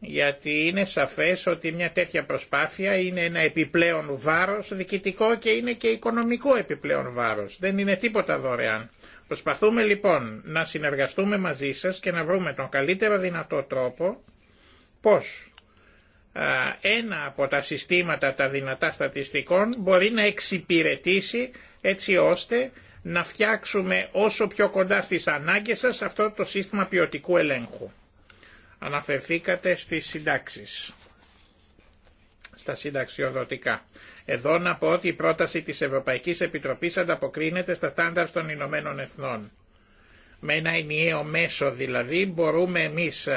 Γιατί είναι σαφές ότι μια τέτοια προσπάθεια είναι ένα επιπλέον βάρος διοικητικό και είναι και οικονομικό επιπλέον βάρος. Δεν είναι τίποτα δωρεάν. Προσπαθούμε λοιπόν να συνεργαστούμε μαζί σας και να βρούμε τον καλύτερο δυνατό τρόπο πώς ένα από τα συστήματα τα δυνατά στατιστικών μπορεί να εξυπηρετήσει έτσι ώστε να φτιάξουμε όσο πιο κοντά στις ανάγκες σας αυτό το σύστημα ποιοτικού ελέγχου. Αναφερθήκατε στις συντάξεις, στα συνταξιοδοτικά. Εδώ να πω ότι η πρόταση της Ευρωπαϊκής Επιτροπής ανταποκρίνεται στα στάνταρ των Ηνωμένων Εθνών. Με ένα ενιαίο μέσο δηλαδή μπορούμε εμείς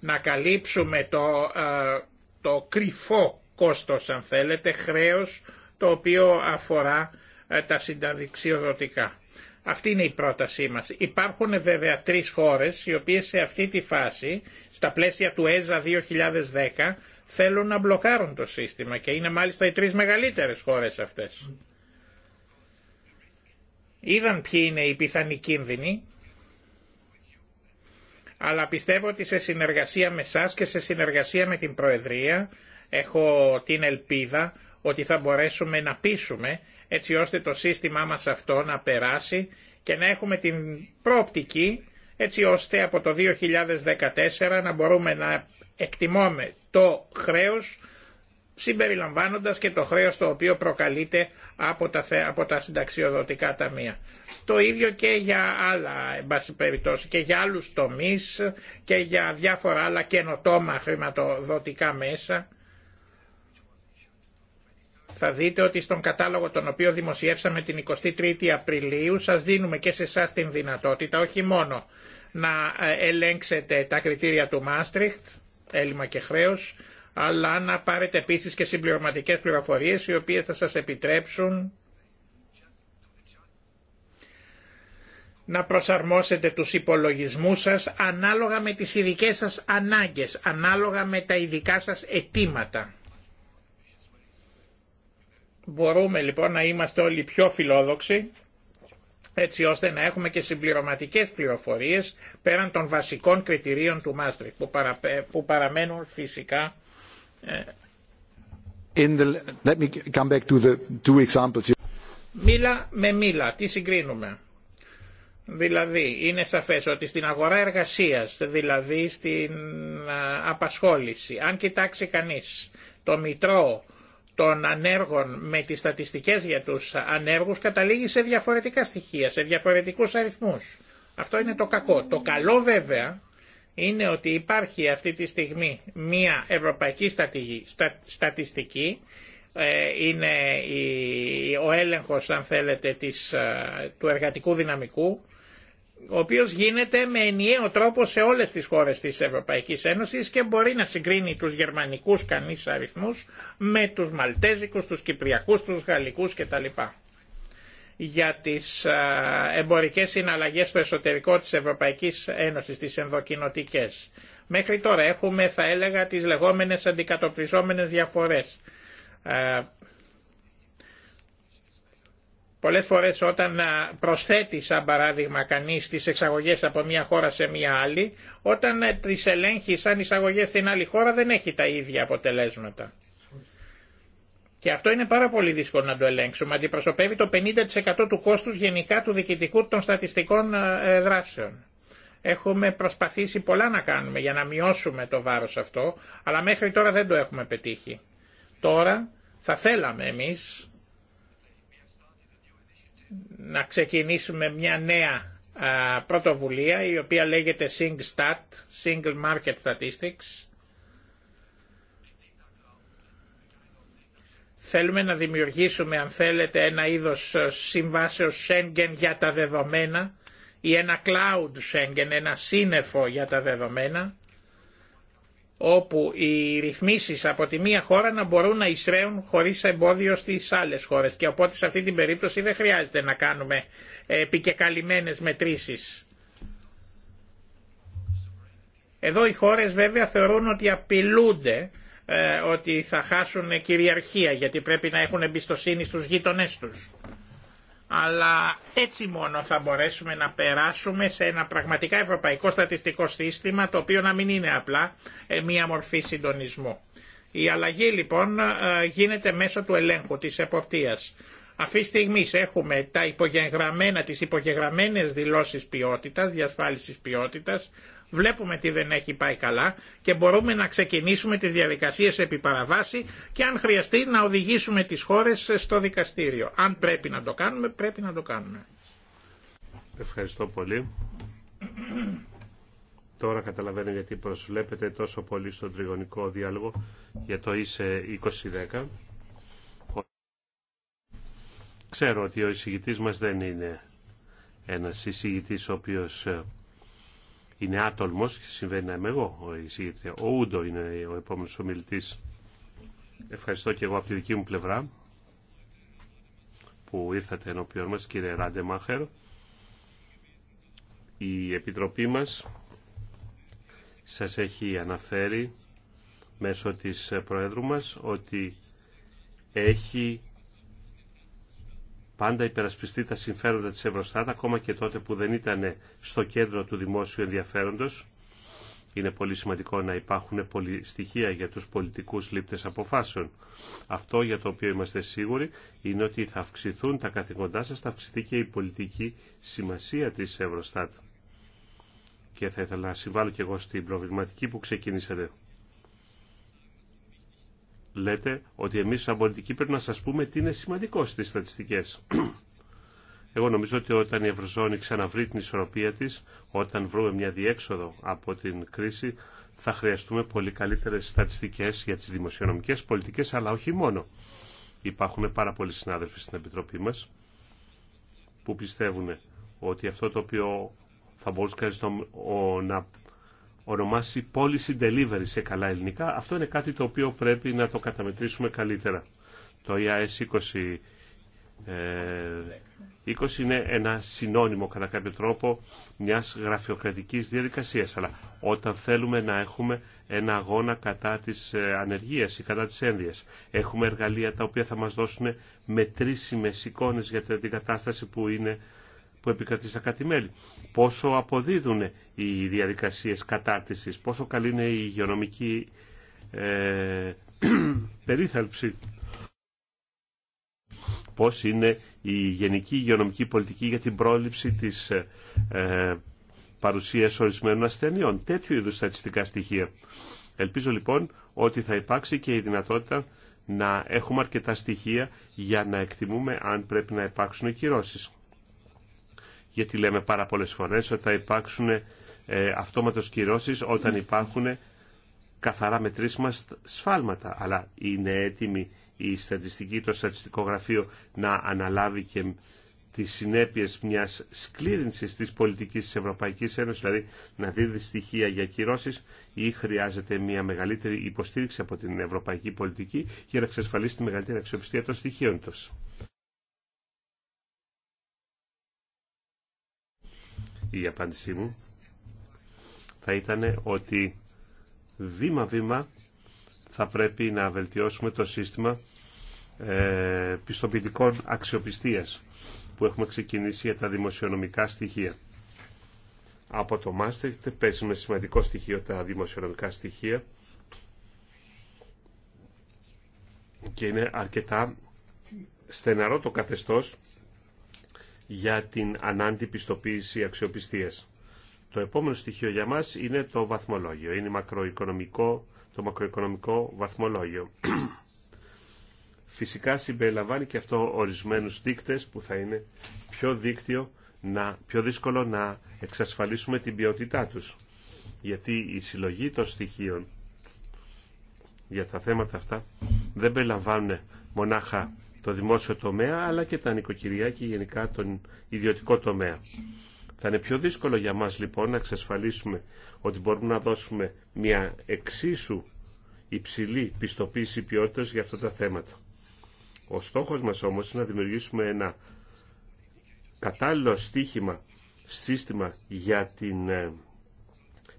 να καλύψουμε το ε, το κρυφό κόστος αν θέλετε, χρέος το οποίο αφορά ε, τα συνταξιοδοτικά. Αυτή είναι η πρότασή μας. Υπάρχουν βέβαια τρεις χώρες οι οποίες σε αυτή τη φάση, στα πλαίσια του ΕΖΑ 2010, θέλουν να μπλοκάρουν το σύστημα και είναι μάλιστα οι τρεις μεγαλύτερες χώρες αυτές. Είδαν ποιοι είναι οι πιθανοί κίνδυνοι αλλά πιστεύω ότι σε συνεργασία με εσά και σε συνεργασία με την Προεδρία έχω την ελπίδα ότι θα μπορέσουμε να πείσουμε έτσι ώστε το σύστημά μας αυτό να περάσει και να έχουμε την πρόπτικη έτσι ώστε από το 2014 να μπορούμε να εκτιμούμε το χρέος συμπεριλαμβάνοντας και το χρέος το οποίο προκαλείται από τα, από τα συνταξιοδοτικά ταμεία. Το ίδιο και για άλλα, εν περιπτώσει, και για άλλους τομείς και για διάφορα άλλα καινοτόμα χρηματοδοτικά μέσα. Θα δείτε ότι στον κατάλογο τον οποίο δημοσιεύσαμε την 23η Απριλίου σας δίνουμε και σε εσά την δυνατότητα όχι μόνο να ε, ελέγξετε τα κριτήρια του Μάστριχτ, έλλειμμα και χρέος, αλλά να πάρετε επίση και συμπληρωματικές πληροφορίες οι οποίες θα σας επιτρέψουν να προσαρμόσετε τους υπολογισμούς σας ανάλογα με τις ειδικέ σας ανάγκες, ανάλογα με τα ειδικά σας αιτήματα. Μπορούμε λοιπόν να είμαστε όλοι πιο φιλόδοξοι, έτσι ώστε να έχουμε και συμπληρωματικές πληροφορίες πέραν των βασικών κριτηρίων του Μάστρικ, που, παραμένουν φυσικά Μίλα με μίλα, τι συγκρίνουμε. Δηλαδή, είναι σαφές ότι στην αγορά εργασίας, δηλαδή στην απασχόληση, αν κοιτάξει κανείς το μητρό των ανέργων με τις στατιστικές για τους ανέργους, καταλήγει σε διαφορετικά στοιχεία, σε διαφορετικούς αριθμούς. Αυτό είναι το κακό. Το καλό βέβαια είναι ότι υπάρχει αυτή τη στιγμή μία ευρωπαϊκή στατιστική, ε, είναι ο έλεγχος αν θέλετε της, ε, του εργατικού δυναμικού, ο οποίος γίνεται με ενιαίο τρόπο σε όλες τις χώρες της Ευρωπαϊκής Ένωσης και μπορεί να συγκρίνει τους γερμανικούς κανείς αριθμούς με τους μαλτέζικους, τους κυπριακούς, τους γαλλικούς κτλ για τις εμπορικές συναλλαγές στο εσωτερικό της Ευρωπαϊκής Ένωσης, τις ενδοκινοτικές. Μέχρι τώρα έχουμε, θα έλεγα, τις λεγόμενες αντικατοπτριζόμενες διαφορές. Πολλές φορές όταν προσθέτει σαν παράδειγμα κανείς τις εξαγωγές από μια χώρα σε μια άλλη, όταν ε, τις ελέγχει σαν εισαγωγές στην άλλη χώρα δεν έχει τα ίδια αποτελέσματα. Και αυτό είναι πάρα πολύ δύσκολο να το ελέγξουμε. Αντιπροσωπεύει το 50% του κόστους γενικά του διοικητικού των στατιστικών ε, δράσεων. Έχουμε προσπαθήσει πολλά να κάνουμε για να μειώσουμε το βάρος αυτό, αλλά μέχρι τώρα δεν το έχουμε πετύχει. Τώρα θα θέλαμε εμείς να ξεκινήσουμε μια νέα ε, πρωτοβουλία η οποία λέγεται SingStat, Single Market Statistics, Θέλουμε να δημιουργήσουμε, αν θέλετε, ένα είδος ε, συμβάσεως Schengen για τα δεδομένα ή ένα cloud Schengen, ένα σύννεφο για τα δεδομένα, όπου οι ρυθμίσεις από τη μία χώρα να μπορούν να εισραίουν χωρίς εμπόδιο στις άλλες χώρες. Και οπότε σε αυτή την περίπτωση δεν χρειάζεται να κάνουμε ε, επικεκαλυμμένες μετρήσεις. Εδώ οι χώρες βέβαια θεωρούν ότι απειλούνται ε, ότι θα χάσουν κυριαρχία γιατί πρέπει να έχουν εμπιστοσύνη στους γείτονές τους. Αλλά έτσι μόνο θα μπορέσουμε να περάσουμε σε ένα πραγματικά ευρωπαϊκό στατιστικό σύστημα το οποίο να μην είναι απλά ε, μία μορφή συντονισμού. Η αλλαγή λοιπόν ε, γίνεται μέσω του ελέγχου, της εποπτείας. Αυτή τη στιγμή έχουμε τα υπογεγραμμένα, τις υπογεγραμμένες δηλώσεις ποιότητας, διασφάλισης ποιότητας, Βλέπουμε τι δεν έχει πάει καλά και μπορούμε να ξεκινήσουμε τις διαδικασίες επί παραβάση και αν χρειαστεί να οδηγήσουμε τις χώρες στο δικαστήριο. Αν πρέπει να το κάνουμε, πρέπει να το κάνουμε. Ευχαριστώ πολύ. Τώρα καταλαβαίνω γιατί προσβλέπετε τόσο πολύ στον τριγωνικό διάλογο για το ΙΣΕ 2010. Ξέρω ότι ο εισηγητής μας δεν είναι ένας εισηγητής ο οποίος ε, είναι άτολμος και συμβαίνει να είμαι εγώ ο εισηγητή. Ο Ούντο είναι ο επόμενος ομιλητής. Ευχαριστώ και εγώ από τη δική μου πλευρά που ήρθατε ενώπιον μας κύριε Ράντε Μάχερ. Η Επιτροπή μας σας έχει αναφέρει μέσω της Προέδρου μας ότι έχει πάντα υπερασπιστεί τα συμφέροντα της Ευρωστάτ, ακόμα και τότε που δεν ήταν στο κέντρο του δημόσιου ενδιαφέροντος. Είναι πολύ σημαντικό να υπάρχουν πολλοί στοιχεία για τους πολιτικούς λήπτες αποφάσεων. Αυτό για το οποίο είμαστε σίγουροι είναι ότι θα αυξηθούν τα καθηγοντά σας, θα αυξηθεί και η πολιτική σημασία της Ευρωστάτ. Και θα ήθελα να συμβάλλω και εγώ στην προβληματική που ξεκινήσατε λέτε ότι εμείς σαν πολιτικοί πρέπει να σας πούμε τι είναι σημαντικό στις στατιστικές. (clears throat) Εγώ νομίζω ότι όταν η Ευρωζώνη ξαναβρει την ισορροπία της, όταν βρούμε μια διέξοδο από την κρίση, θα χρειαστούμε πολύ καλύτερες στατιστικές για τις δημοσιονομικές πολιτικές, αλλά όχι μόνο. Υπάρχουν πάρα πολλοί συνάδελφοι στην Επιτροπή μας που πιστεύουν ότι αυτό το οποίο θα μπορούσε να ονομάσει policy delivery σε καλά ελληνικά. Αυτό είναι κάτι το οποίο πρέπει να το καταμετρήσουμε καλύτερα. Το IAS 20, 20 είναι ένα συνώνυμο κατά κάποιο τρόπο μιας γραφειοκρατικής διαδικασίας. Αλλά όταν θέλουμε να έχουμε ένα αγώνα κατά της ε, ανεργίας ή κατά της ένδυας, έχουμε εργαλεία τα οποία θα μας δώσουν μετρήσιμες εικόνες για την κατάσταση που είναι που επικρατεί στα μελη Πόσο αποδίδουν οι διαδικασίες κατάρτισης, πόσο καλή είναι η υγειονομική ε, (clears throat) περίθαλψη, πώς είναι η γενική υγειονομική πολιτική για την πρόληψη της ε, ε, παρουσίας ορισμένων ασθενειών. Τέτοιου είδους στατιστικά στοιχεία. Ελπίζω λοιπόν ότι θα υπάρξει και η δυνατότητα να έχουμε αρκετά στοιχεία για να εκτιμούμε αν πρέπει να υπάρξουν κυρώσεις γιατί λέμε πάρα πολλές φορές ότι θα υπάρξουν ε, αυτόματος κυρώσεις όταν υπάρχουν καθαρά μετρήσιμα σφάλματα. Αλλά είναι έτοιμη η στατιστική, το στατιστικό γραφείο να αναλάβει και τις συνέπειες μιας σκλήρινσης της πολιτικής της Ευρωπαϊκής Ένωσης, δηλαδή να δίδει στοιχεία για κυρώσεις ή χρειάζεται μια μεγαλύτερη υποστήριξη από την ευρωπαϊκή πολιτική για να εξασφαλίσει τη μεγαλύτερη αξιοπιστία των στοιχείων τους. η απάντησή μου θα ήταν ότι βήμα-βήμα θα πρέπει να βελτιώσουμε το σύστημα ε, πιστοποιητικών αξιοπιστίας που έχουμε ξεκινήσει για τα δημοσιονομικά στοιχεία. Από το πέσει με σημαντικό στοιχείο τα δημοσιονομικά στοιχεία και είναι αρκετά στεναρό το καθεστώς για την ανάντη πιστοποίηση αξιοπιστίας. Το επόμενο στοιχείο για μας είναι το βαθμολόγιο. Είναι μακροοικονομικό, το μακροοικονομικό βαθμολόγιο. Φυσικά συμπεριλαμβάνει και αυτό ορισμένους δείκτες που θα είναι πιο, δίκτυο, να, πιο δύσκολο να εξασφαλίσουμε την ποιότητά τους. Γιατί η συλλογή των στοιχείων για τα θέματα αυτά δεν περιλαμβάνουν μονάχα το δημόσιο τομέα αλλά και τα νοικοκυριά και γενικά τον ιδιωτικό τομέα. Θα είναι πιο δύσκολο για μας λοιπόν να εξασφαλίσουμε ότι μπορούμε να δώσουμε μια εξίσου υψηλή πιστοποίηση ποιότητας για αυτά τα θέματα. Ο στόχος μας όμως είναι να δημιουργήσουμε ένα κατάλληλο στίχημα, σύστημα για την ε,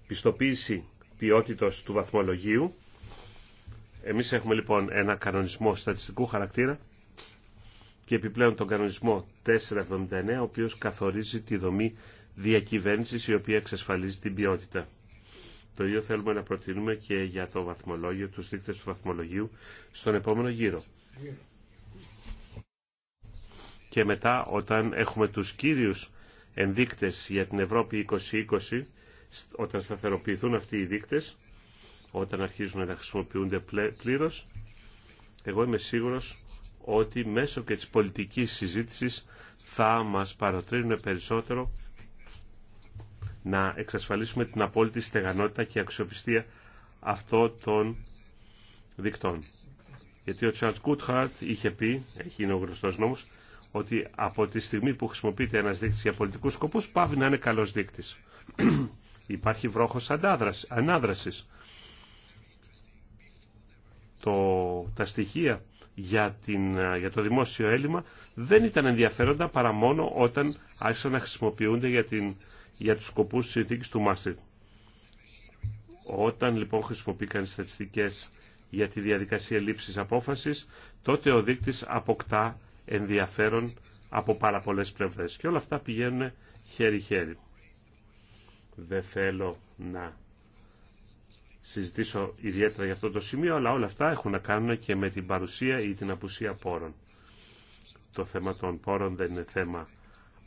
πιστοποίηση ποιότητος του βαθμολογίου. Εμείς έχουμε λοιπόν ένα κανονισμό στατιστικού χαρακτήρα και επιπλέον τον κανονισμό 479, ο οποίος καθορίζει τη δομή διακυβέρνησης η οποία εξασφαλίζει την ποιότητα. Το ίδιο θέλουμε να προτείνουμε και για το βαθμολόγιο, τους δείκτες του βαθμολογίου στον επόμενο γύρο. Και μετά όταν έχουμε τους κύριους ενδείκτες για την Ευρώπη 2020, όταν σταθεροποιηθούν αυτοί οι δείκτες, όταν αρχίζουν να χρησιμοποιούνται πλήρως, εγώ είμαι σίγουρος ότι μέσω και της πολιτικής συζήτησης θα μας παροτρύνουν περισσότερο να εξασφαλίσουμε την απόλυτη στεγανότητα και αξιοπιστία αυτών των δικτών. Γιατί ο Τσάρτ Κούτχαρτ είχε πει, έχει είναι ο γνωστό νόμο, ότι από τη στιγμή που χρησιμοποιείται ένα δείκτη για πολιτικού σκοπού, πάβει να είναι καλό δείκτη. (clears throat) Υπάρχει βρόχο ανάδραση. τα στοιχεία για, την, ε, για το δημόσιο έλλειμμα δεν ήταν ενδιαφέροντα παρά μόνο όταν άρχισαν να χρησιμοποιούνται για, την, για τους σκοπούς της του Μάστρικ. Όταν λοιπόν χρησιμοποιήκαν στατιστικές για τη διαδικασία λήψης απόφασης, τότε ο δείκτης αποκτά ενδιαφέρον από πάρα πολλέ πλευρές. Και όλα αυτά πηγαίνουν χέρι-χέρι. Δεν θέλω να συζητήσω ιδιαίτερα για αυτό το σημείο, αλλά όλα αυτά έχουν να κάνουν και με την παρουσία ή την απουσία πόρων. Το θέμα των πόρων δεν είναι θέμα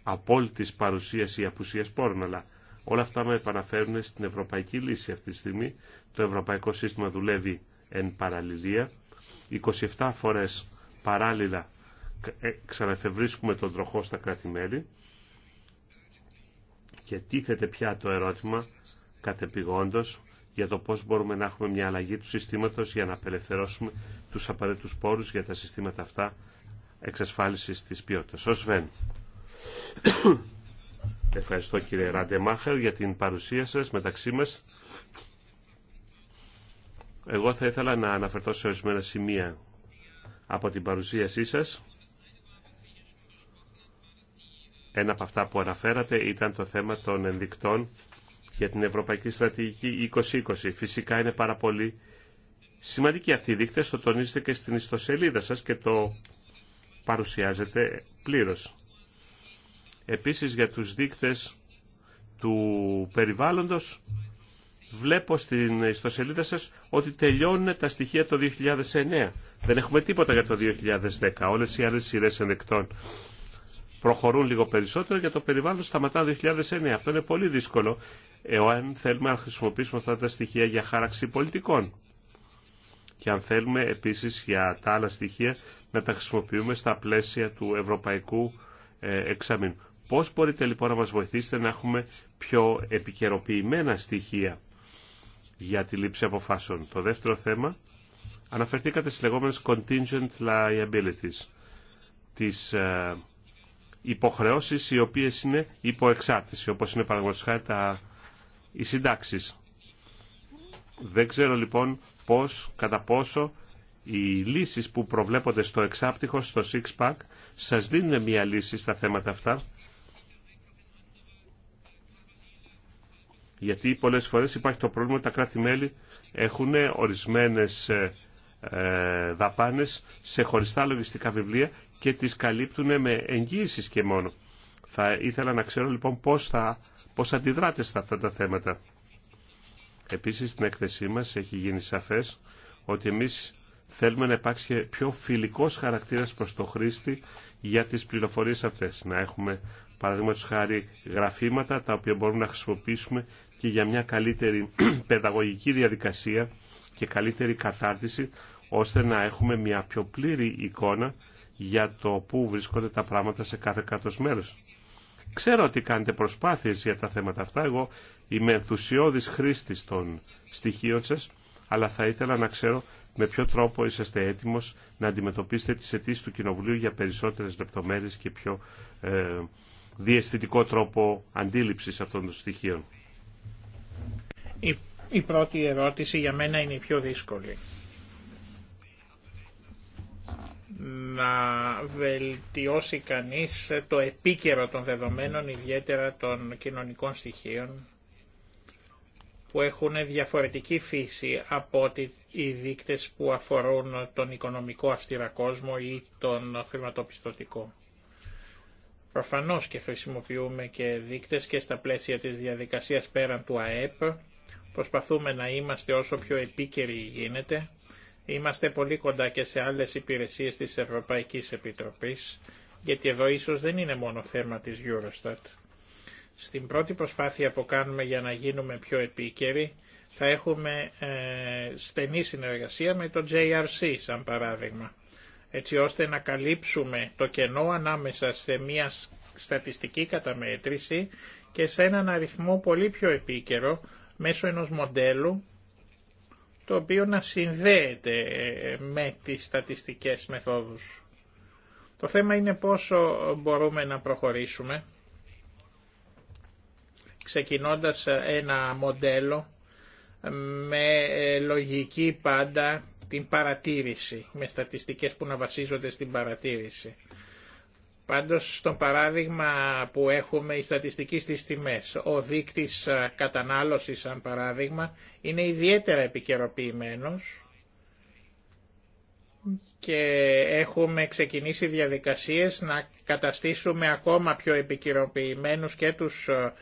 απόλυτης παρουσίας ή απουσίας πόρων, αλλά όλα αυτά με επαναφέρουν στην ευρωπαϊκή λύση αυτή τη στιγμή. Το ευρωπαϊκό σύστημα δουλεύει εν παραλληλία. 27 φορές παράλληλα ε, ξαναεφευρίσκουμε τον τροχό στα κράτη-μέλη και τίθεται πια το ερώτημα κατεπηγόντως για το πώς μπορούμε να έχουμε μια αλλαγή του συστήματος για να απελευθερώσουμε τους απαραίτητους πόρους για τα συστήματα αυτά εξασφάλισης της ποιότητας. Ο Ευχαριστώ κύριε Ραντεμάχερ για την παρουσία σας μεταξύ μας. Εγώ θα ήθελα να αναφερθώ σε ορισμένα σημεία από την παρουσίασή σας. Ένα από αυτά που αναφέρατε ήταν το θέμα των ενδεικτών για την Ευρωπαϊκή Στρατηγική 2020. Φυσικά είναι πάρα πολύ σημαντική αυτή η δείκτες, το τονίζετε και στην ιστοσελίδα σας και το παρουσιάζετε πλήρως. Επίσης για τους δείκτες του περιβάλλοντος, βλέπω στην ιστοσελίδα σας ότι τελειώνουν τα στοιχεία το 2009. Δεν έχουμε τίποτα για το 2010. Όλες οι άλλες σειρές ενδεκτών προχωρούν λίγο περισσότερο για το περιβάλλον σταματά 2009. Αυτό είναι πολύ δύσκολο εάν θέλουμε να χρησιμοποιήσουμε αυτά τα στοιχεία για χάραξη πολιτικών. Και αν θέλουμε επίσης για τα άλλα στοιχεία να τα χρησιμοποιούμε στα πλαίσια του ευρωπαϊκού ε, εξαμήνου. Πώς μπορείτε λοιπόν να μας βοηθήσετε να έχουμε πιο επικαιροποιημένα στοιχεία για τη λήψη αποφάσεων. Το δεύτερο θέμα αναφερθήκατε στις λεγόμενες contingent liabilities, τις ε, υποχρεώσεις οι οποίες είναι υποεξάρτηση, όπως είναι παραγωγικά τα... οι συντάξεις. Δεν ξέρω λοιπόν πώς, κατά πόσο οι λύσεις που προβλέπονται στο εξάπτυχο, στο six pack, σας δίνουν μια λύση στα θέματα αυτά. Γιατί πολλές φορές υπάρχει το πρόβλημα ότι τα κράτη-μέλη έχουν ορισμένες ε, ε, δαπάνες σε χωριστά λογιστικά βιβλία και τις καλύπτουν με εγγύησεις και μόνο. Θα ήθελα να ξέρω λοιπόν πώς θα πώς αντιδράτε στα αυτά τα θέματα. Επίσης στην έκθεσή μας έχει γίνει σαφές ότι εμείς θέλουμε να υπάρξει πιο φιλικός χαρακτήρας προς το χρήστη για τις πληροφορίες αυτές. Να έχουμε παραδείγματος χάρη γραφήματα τα οποία μπορούμε να χρησιμοποιήσουμε και για μια καλύτερη (clears throat) παιδαγωγική διαδικασία και καλύτερη κατάρτιση ώστε να έχουμε μια πιο πλήρη εικόνα για το πού βρίσκονται τα πράγματα σε κάθε κράτος μέρος. Ξέρω ότι κάνετε προσπάθειες για τα θέματα αυτά. Εγώ είμαι ενθουσιώδης χρήστης των στοιχείων σας, αλλά θα ήθελα να ξέρω με ποιο τρόπο είσαστε έτοιμος να αντιμετωπίσετε τις αιτήσει του Κοινοβουλίου για περισσότερες λεπτομέρειες και πιο ε, διαισθητικό τρόπο αντίληψης αυτών των στοιχείων. η πρώτη ερώτηση για μένα είναι η πιο δύσκολη να βελτιώσει κανείς το επίκαιρο των δεδομένων, ιδιαίτερα των κοινωνικών στοιχείων, που έχουν διαφορετική φύση από ότι οι δείκτες που αφορούν τον οικονομικό αυστηρά κόσμο ή τον χρηματοπιστωτικό. Προφανώς και χρησιμοποιούμε και δείκτες και στα πλαίσια της διαδικασίας πέραν του ΑΕΠ. Προσπαθούμε να είμαστε όσο πιο επίκαιροι γίνεται Είμαστε πολύ κοντά και σε άλλες υπηρεσίες της Ευρωπαϊκής Επιτροπής, γιατί εδώ ίσως δεν είναι μόνο θέμα της Eurostat. Στην πρώτη προσπάθεια που κάνουμε για να γίνουμε πιο επίκαιροι, θα έχουμε ε, στενή συνεργασία με το JRC, σαν παράδειγμα, έτσι ώστε να καλύψουμε το κενό ανάμεσα σε μια στατιστική καταμέτρηση και σε έναν αριθμό πολύ πιο επίκαιρο μέσω ενός μοντέλου το οποίο να συνδέεται ε, με τις στατιστικές μεθόδους. Το θέμα είναι πόσο μπορούμε να προχωρήσουμε ξεκινώντας ένα μοντέλο ε, με ε, λογική πάντα την παρατήρηση, με στατιστικές που να βασίζονται στην παρατήρηση. Πάντως στο παράδειγμα που έχουμε οι στατιστική στις τιμές, ο δείκτης ε, κατανάλωσης σαν παράδειγμα είναι ιδιαίτερα επικαιροποιημένος και έχουμε ξεκινήσει διαδικασίες να καταστήσουμε ακόμα πιο επικαιροποιημένους και τους α,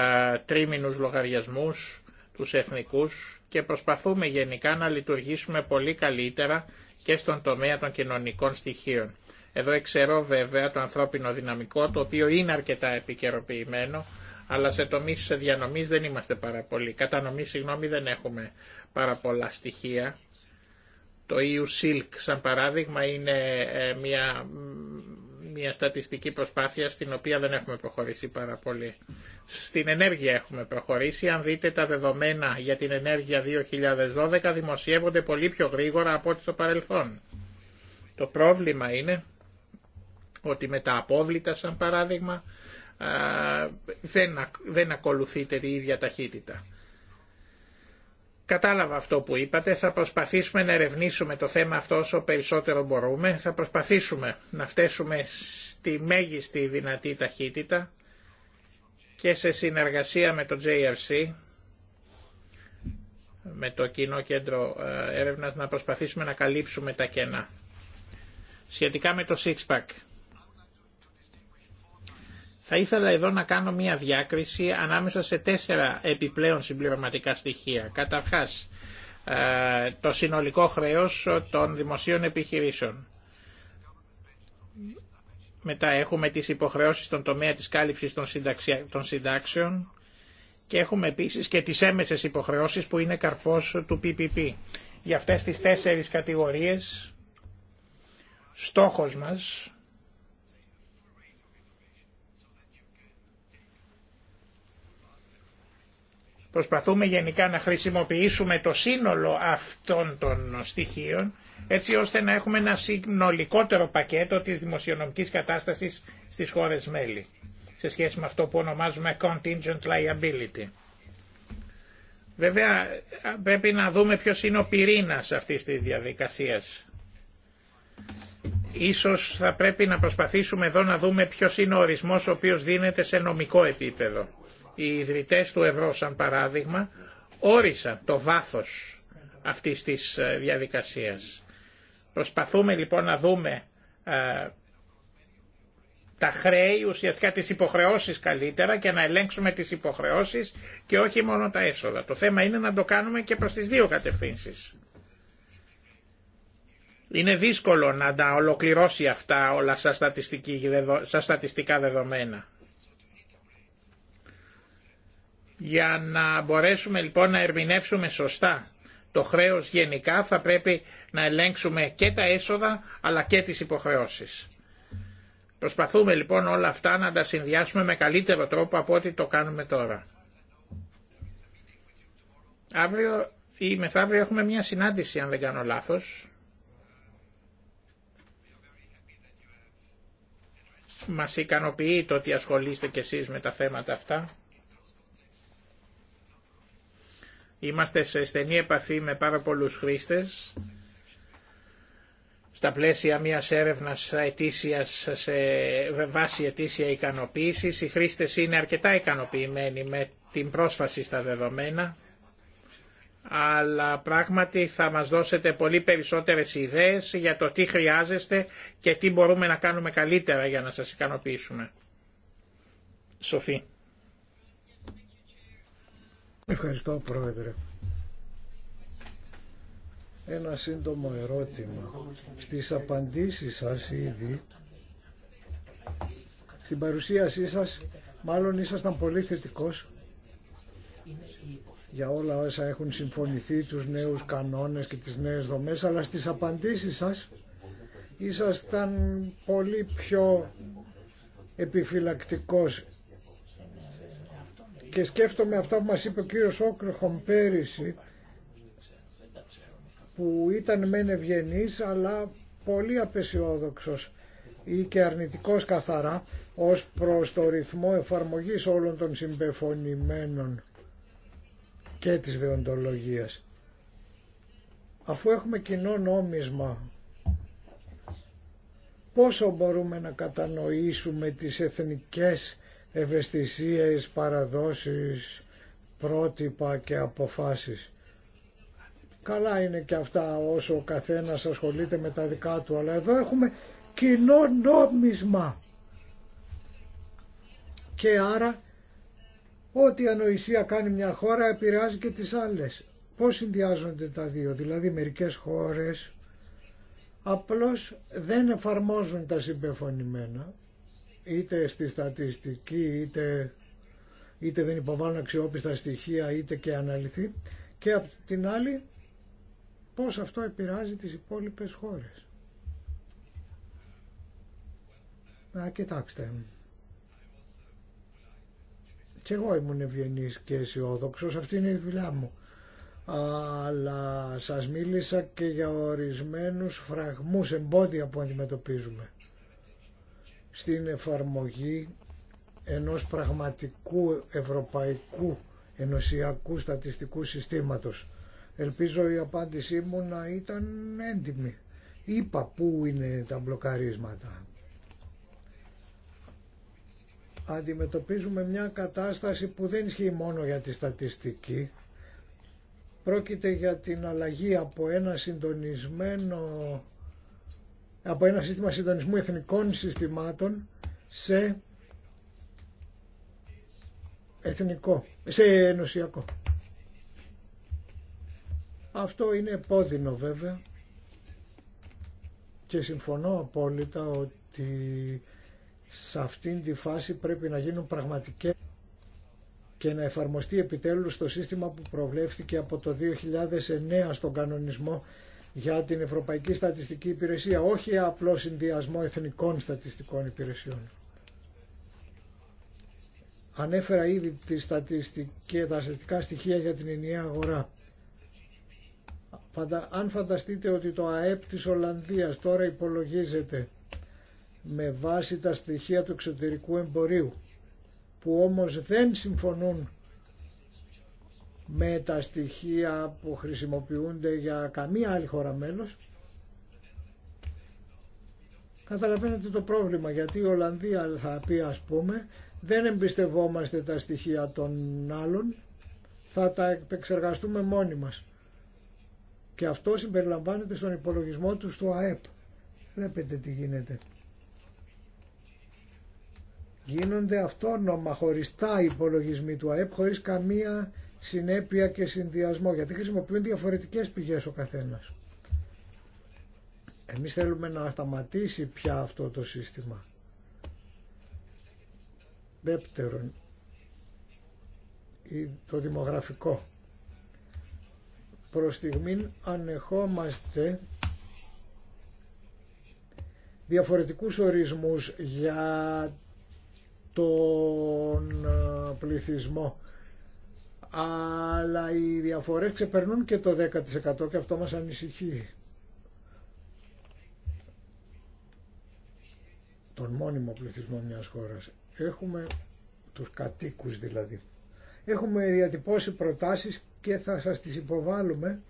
ε, ε, τρίμηνους λογαριασμούς, τους εθνικούς και προσπαθούμε γενικά να λειτουργήσουμε πολύ καλύτερα και στον τομέα των κοινωνικών στοιχείων. Εδώ εξαιρώ βέβαια το ανθρώπινο δυναμικό, το οποίο είναι αρκετά επικαιροποιημένο, αλλά σε τομείς διανομής δεν είμαστε πάρα πολύ. Κατανομή, συγγνώμη, δεν έχουμε πάρα πολλά στοιχεία. Το EU Silk, σαν παράδειγμα, είναι ε, μια, μια στατιστική προσπάθεια στην οποία δεν έχουμε προχωρήσει πάρα πολύ. Στην ενέργεια έχουμε προχωρήσει. Αν δείτε τα δεδομένα για την ενέργεια 2012, δημοσιεύονται πολύ πιο γρήγορα από ό,τι στο παρελθόν. Το πρόβλημα είναι ότι με τα απόβλητα σαν παράδειγμα δεν, δεν ακολουθείται η ίδια ταχύτητα. Κατάλαβα αυτό που είπατε, θα προσπαθήσουμε να ερευνήσουμε το θέμα αυτό όσο περισσότερο μπορούμε, θα προσπαθήσουμε να φτέσουμε στη μέγιστη δυνατή ταχύτητα και σε συνεργασία με το JRC, με το Κοινό Κέντρο ε, Έρευνας, να προσπαθήσουμε να καλύψουμε τα κενά. Σχετικά με το SIXPACK, θα ήθελα εδώ να κάνω μία διάκριση ανάμεσα σε τέσσερα επιπλέον συμπληρωματικά στοιχεία. Καταρχάς, ε, το συνολικό χρέος των δημοσίων επιχειρήσεων. Μετά έχουμε τις υποχρεώσεις στον τομέα της κάλυψης των συντάξεων και έχουμε επίσης και τις έμεσες υποχρεώσεις που είναι καρπός του PPP. Για αυτές τις τέσσερις κατηγορίες στόχος μας Προσπαθούμε γενικά να χρησιμοποιήσουμε το σύνολο αυτών των στοιχείων έτσι ώστε να έχουμε ένα συνολικότερο πακέτο της δημοσιονομικής κατάστασης στις χώρες μέλη σε σχέση με αυτό που ονομάζουμε contingent liability. Βέβαια πρέπει να δούμε ποιος είναι ο πυρήνας αυτής της διαδικασίας. Ίσως θα πρέπει να προσπαθήσουμε εδώ να δούμε ποιος είναι ο ορισμός ο οποίος δίνεται σε νομικό επίπεδο οι ιδρυτές του ευρώ σαν παράδειγμα όρισαν το βάθος αυτής της ε, διαδικασίας. Προσπαθούμε λοιπόν να δούμε ε, τα χρέη, ουσιαστικά τις υποχρεώσεις καλύτερα και να ελέγξουμε τις υποχρεώσεις και όχι μόνο τα έσοδα. Το θέμα είναι να το κάνουμε και προς τις δύο κατευθύνσεις. Είναι δύσκολο να τα ολοκληρώσει αυτά όλα σαν στατιστικά δεδομένα. Για να μπορέσουμε λοιπόν να ερμηνεύσουμε σωστά το χρέος γενικά θα πρέπει να ελέγξουμε και τα έσοδα αλλά και τις υποχρεώσεις. Προσπαθούμε λοιπόν όλα αυτά να τα συνδυάσουμε με καλύτερο τρόπο από ό,τι το κάνουμε τώρα. Αύριο ή μεθαύριο έχουμε μια συνάντηση αν δεν κάνω λάθος. Μας ικανοποιεί το ότι ασχολείστε κι εσείς με τα θέματα αυτά. Είμαστε σε στενή επαφή με πάρα πολλούς χρήστες στα πλαίσια μιας έρευνας ετήσιας σε βάση ετήσια ικανοποίησης. Οι χρήστες είναι αρκετά ικανοποιημένοι με την πρόσφαση στα δεδομένα, αλλά πράγματι θα μας δώσετε πολύ περισσότερες ιδέες για το τι χρειάζεστε και τι μπορούμε να κάνουμε καλύτερα για να σας ικανοποιήσουμε. Σοφή. Ευχαριστώ Πρόεδρε. Ένα σύντομο ερώτημα. Στις απαντήσεις σας ήδη, στην παρουσίασή σας, μάλλον ήσασταν πολύ θετικός για όλα όσα έχουν συμφωνηθεί, τους νέους κανόνες και τις νέες δομές, αλλά στις απαντήσεις σας ήσασταν πολύ πιο επιφυλακτικός και σκέφτομαι αυτό που μας είπε ο κύριος Όκρεχον πέρυσι που ήταν μεν ευγενής αλλά πολύ απεσιόδοξος ή και αρνητικός καθαρά ως προς το ρυθμό εφαρμογής όλων των συμπεφωνημένων και της δεοντολογίας. Αφού έχουμε κοινό νόμισμα, πόσο μπορούμε να κατανοήσουμε τις εθνικές ευαισθησίες, παραδόσεις, πρότυπα και αποφάσεις. Καλά είναι και αυτά όσο ο καθένας ασχολείται με τα δικά του, αλλά εδώ έχουμε κοινό νόμισμα. Και άρα ό,τι ανοησία κάνει μια χώρα επηρεάζει και τις άλλες. Πώς συνδυάζονται τα δύο, δηλαδή μερικές χώρες απλώς δεν εφαρμόζουν τα συμπεφωνημένα είτε στη στατιστική είτε, είτε δεν υποβάλλουν αξιόπιστα στοιχεία είτε και αναλυθεί και από την άλλη πώς αυτό επηρεάζει τις υπόλοιπες χώρες. Να κοιτάξτε. Κι εγώ ήμουν ευγενή και αισιόδοξο, αυτή είναι η δουλειά μου. Αλλά σας μίλησα και για ορισμένους φραγμούς, εμπόδια που αντιμετωπίζουμε στην εφαρμογή ενός πραγματικού ευρωπαϊκού ενωσιακού στατιστικού συστήματος. Ελπίζω η απάντησή μου να ήταν έντιμη. Είπα πού είναι τα μπλοκαρίσματα. Αντιμετωπίζουμε μια κατάσταση που δεν ισχύει μόνο για τη στατιστική. Πρόκειται για την αλλαγή από ένα συντονισμένο από ένα σύστημα συντονισμού εθνικών συστημάτων σε εθνικό, σε ενωσιακό. Αυτό είναι πόδινο βέβαια και συμφωνώ απόλυτα ότι σε αυτήν τη φάση πρέπει να γίνουν πραγματικές και να εφαρμοστεί επιτέλους το σύστημα που προβλέφθηκε από το 2009 στον κανονισμό για την Ευρωπαϊκή Στατιστική Υπηρεσία, όχι απλό συνδυασμό εθνικών στατιστικών υπηρεσιών. Ανέφερα ήδη τη στατιστική, τα στατιστικά στοιχεία για την ενιαία αγορά. Αν φανταστείτε ότι το ΑΕΠ της Ολλανδίας τώρα υπολογίζεται με βάση τα στοιχεία του εξωτερικού εμπορίου, που όμως δεν συμφωνούν με τα στοιχεία που χρησιμοποιούνται για καμία άλλη χώρα μέλος καταλαβαίνετε το πρόβλημα γιατί η Ολλανδία θα πει ας πούμε δεν εμπιστευόμαστε τα στοιχεία των άλλων θα τα επεξεργαστούμε μόνοι μας και αυτό συμπεριλαμβάνεται στον υπολογισμό του στο ΑΕΠ βλέπετε τι γίνεται γίνονται αυτόνομα χωριστά υπολογισμοί του ΑΕΠ χωρίς καμία συνέπεια και συνδυασμό, γιατί χρησιμοποιούν διαφορετικές πηγές ο καθένας. Εμείς θέλουμε να σταματήσει πια αυτό το σύστημα. Δεύτερον, το δημογραφικό. προστιγμήν στιγμήν ανεχόμαστε διαφορετικούς ορισμούς για τον ε, πληθυσμό αλλά οι διαφορές ξεπερνούν και το 10% και αυτό μας ανησυχεί. Τον μόνιμο πληθυσμό μιας χώρας. Έχουμε τους κατοίκους δηλαδή. Έχουμε διατυπώσει προτάσεις και θα σας τις υποβάλουμε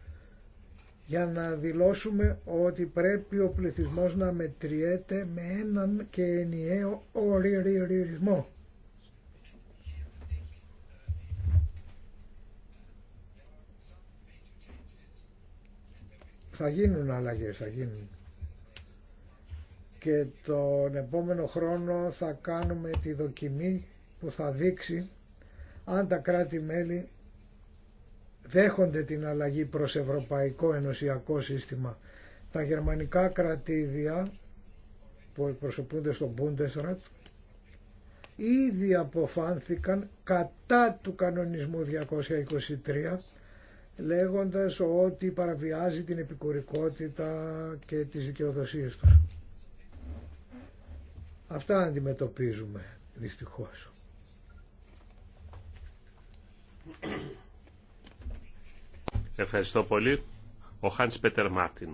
για να δηλώσουμε ότι πρέπει ο πληθυσμός να μετριέται με έναν και ενιαίο ορισμό. Θα γίνουν αλλαγές, θα γίνουν. Και τον επόμενο χρόνο θα κάνουμε τη δοκιμή που θα δείξει αν τα κράτη-μέλη δέχονται την αλλαγή προς ευρωπαϊκό ενωσιακό σύστημα. Τα γερμανικά κρατήδια που εκπροσωπούνται στο Bundesrat ήδη αποφάνθηκαν κατά του κανονισμού 223 λέγοντας ότι παραβιάζει την επικουρικότητα και τις δικαιοδοσίες τους. Αυτά αντιμετωπίζουμε δυστυχώς. Ευχαριστώ πολύ. Ο Χάνς Πέτερ Μάρτιν.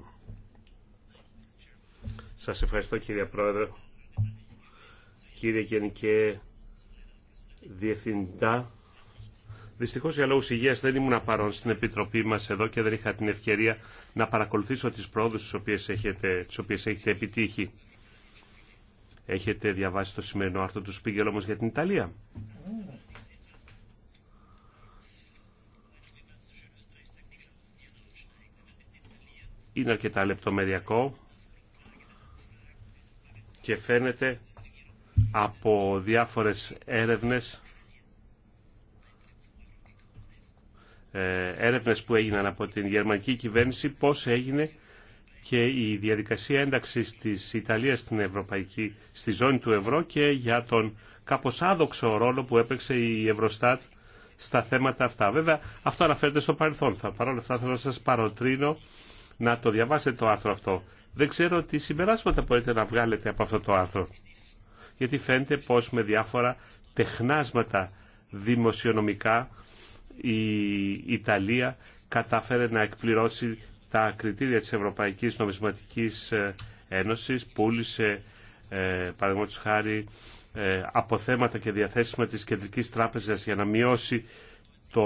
Σας ευχαριστώ κύριε Πρόεδρε, κύριε Γενικέ Διευθυντά Δυστυχώ, για λόγους υγείας δεν ήμουν παρόν στην Επιτροπή μας εδώ και δεν είχα την ευκαιρία να παρακολουθήσω τις πρόοδου τις οποίες έχετε, έχετε επιτύχει. Έχετε διαβάσει το σημερινό άρθρο του Σπίγκελ όμω για την Ιταλία. Είναι αρκετά λεπτομεριακό και φαίνεται από διάφορες έρευνες Ε, έρευνες που έγιναν από την γερμανική κυβέρνηση πώς έγινε και η διαδικασία ένταξης της Ιταλίας στην Ευρωπαϊκή, στη ζώνη του ευρώ και για τον κάπως άδοξο ρόλο που έπαιξε η Ευρωστάτ στα θέματα αυτά. Βέβαια, αυτό αναφέρεται στο παρελθόν. Θα, παρόλα αυτά θέλω να σας παροτρύνω να το διαβάσετε το άρθρο αυτό. Δεν ξέρω τι συμπεράσματα μπορείτε να βγάλετε από αυτό το άρθρο. Γιατί φαίνεται πως με διάφορα τεχνάσματα δημοσιονομικά η Ιταλία κατάφερε να εκπληρώσει τα κριτήρια της Ευρωπαϊκής Νομισματικής ε, Ένωσης, πούλησε ε, παραδείγματος χάρη ε, αποθέματα και διαθέσιμα της Κεντρικής Τράπεζας για να μειώσει το,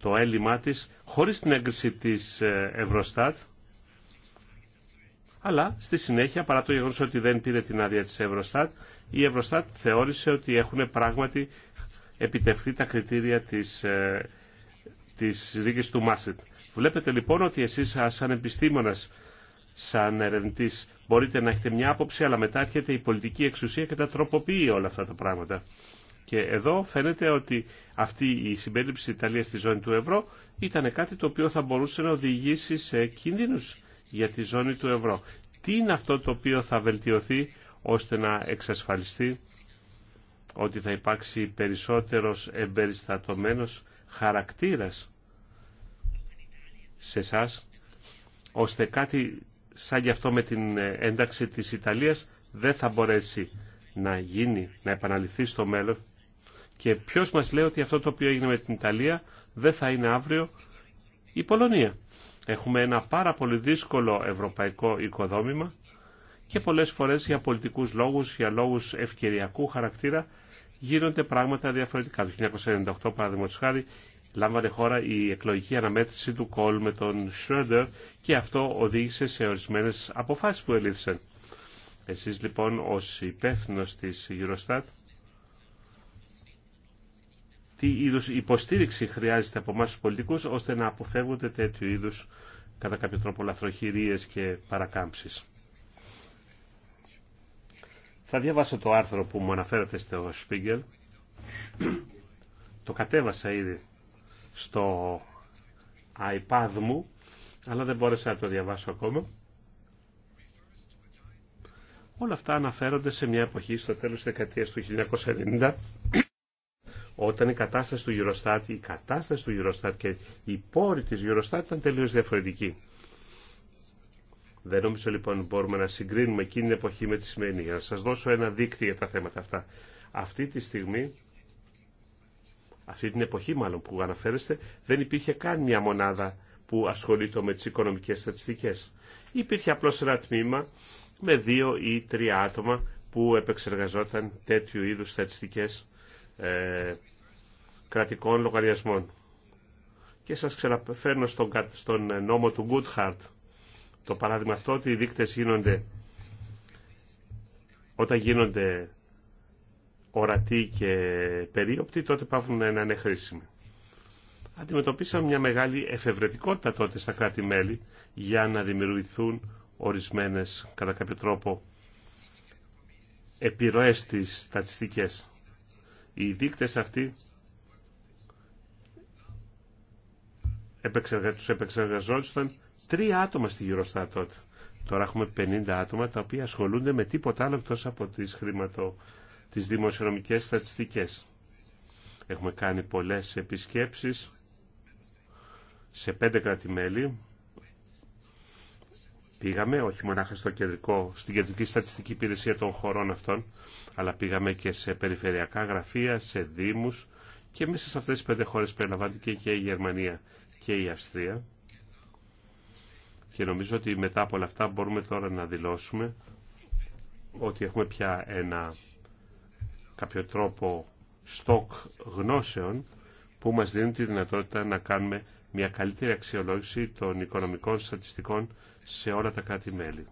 το έλλειμμά της χωρίς την έγκριση της ε, Ευρωστάτ αλλά στη συνέχεια παρά το γεγονός ότι δεν πήρε την άδεια της Ευρωστάτ η Ευρωστάτ θεώρησε ότι έχουν πράγματι επιτευχθεί τα κριτήρια της, ε, της δίκης του μάσετ. Βλέπετε λοιπόν ότι εσείς σαν επιστήμονας, σαν ερευνητής, μπορείτε να έχετε μια άποψη, αλλά μετά έρχεται η πολιτική εξουσία και τα τροποποιεί όλα αυτά τα πράγματα. Και εδώ φαίνεται ότι αυτή η συμπεριψη της Ιταλίας στη ζώνη του ευρώ ήταν κάτι το οποίο θα μπορούσε να οδηγήσει σε κίνδυνους για τη ζώνη του ευρώ. Τι είναι αυτό το οποίο θα βελτιωθεί ώστε να εξασφαλιστεί ότι θα υπάρξει περισσότερος εμπεριστατωμένος χαρακτήρας σε εσά, ώστε κάτι σαν γι' αυτό με την ένταξη της Ιταλίας δεν θα μπορέσει να γίνει, να επαναληφθεί στο μέλλον. Και ποιος μας λέει ότι αυτό το οποίο έγινε με την Ιταλία δεν θα είναι αύριο η Πολωνία. Έχουμε ένα πάρα πολύ δύσκολο ευρωπαϊκό οικοδόμημα και πολλές φορές για πολιτικούς λόγους, για λόγους ευκαιριακού χαρακτήρα γίνονται πράγματα διαφορετικά. Το 1998 παραδείγματος χάρη λάμβανε χώρα η εκλογική αναμέτρηση του Κόλ με τον Σρόντερ και αυτό οδήγησε σε ορισμένες αποφάσεις που ελήφθησαν. Εσείς λοιπόν ως υπεύθυνο της Eurostat τι είδου υποστήριξη χρειάζεται από εμά του πολιτικού ώστε να αποφεύγονται τέτοιου είδου κατά κάποιο τρόπο λαθροχειρίε και παρακάμψει. Θα διαβάσω το άρθρο που μου αναφέρατε στο Spiegel. το κατέβασα ήδη στο iPad μου, αλλά δεν μπόρεσα να το διαβάσω ακόμα. Όλα αυτά αναφέρονται σε μια εποχή στο τέλος της δεκαετίας του 1990 όταν η κατάσταση του Eurostat, η κατάσταση του Eurostat και η πόροι της Eurostat ήταν τελείως διαφορετική. Δεν νομίζω λοιπόν μπορούμε να συγκρίνουμε εκείνη την εποχή με τη σημερινή. Για να σας δώσω ένα δίκτυο για τα θέματα αυτά. Αυτή τη στιγμή, αυτή την εποχή μάλλον που αναφέρεστε, δεν υπήρχε καν μια μονάδα που ασχολείται με τις οικονομικές στατιστικές. Υπήρχε απλώς ένα τμήμα με δύο ή τρία άτομα που επεξεργαζόταν τέτοιου είδους στατιστικές ε, κρατικών λογαριασμών. Και σας ξαναφέρνω στον, στον νόμο του Goodhart το παράδειγμα αυτό ότι οι δείκτες γίνονται όταν γίνονται ορατοί και περίοπτοι τότε πάβουν να είναι χρήσιμοι. Αντιμετωπίσαμε μια μεγάλη εφευρετικότητα τότε στα κράτη-μέλη για να δημιουργηθούν ορισμένες κατά κάποιο τρόπο επιρροές στις στατιστικές. Οι δείκτες αυτοί τους επεξεργαζόντουσαν τρία άτομα στη Eurostat Τώρα έχουμε 50 άτομα τα οποία ασχολούνται με τίποτα άλλο εκτός από τις, χρηματο, τις δημοσιονομικές στατιστικές. Έχουμε κάνει πολλές επισκέψεις σε πέντε κράτη-μέλη. Πήγαμε όχι μονάχα στο κεντρικό, στην κεντρική στατιστική υπηρεσία των χωρών αυτών, αλλά πήγαμε και σε περιφερειακά γραφεία, σε δήμους και μέσα σε αυτές τις πέντε χώρες περιλαμβάνεται και η Γερμανία και η Αυστρία. Και νομίζω ότι μετά από όλα αυτά μπορούμε τώρα να δηλώσουμε ότι έχουμε πια ένα κάποιο τρόπο στόκ γνώσεων που μας δίνουν τη δυνατότητα να κάνουμε μια καλύτερη αξιολόγηση των οικονομικών στατιστικών σε όλα τα κράτη-μέλη.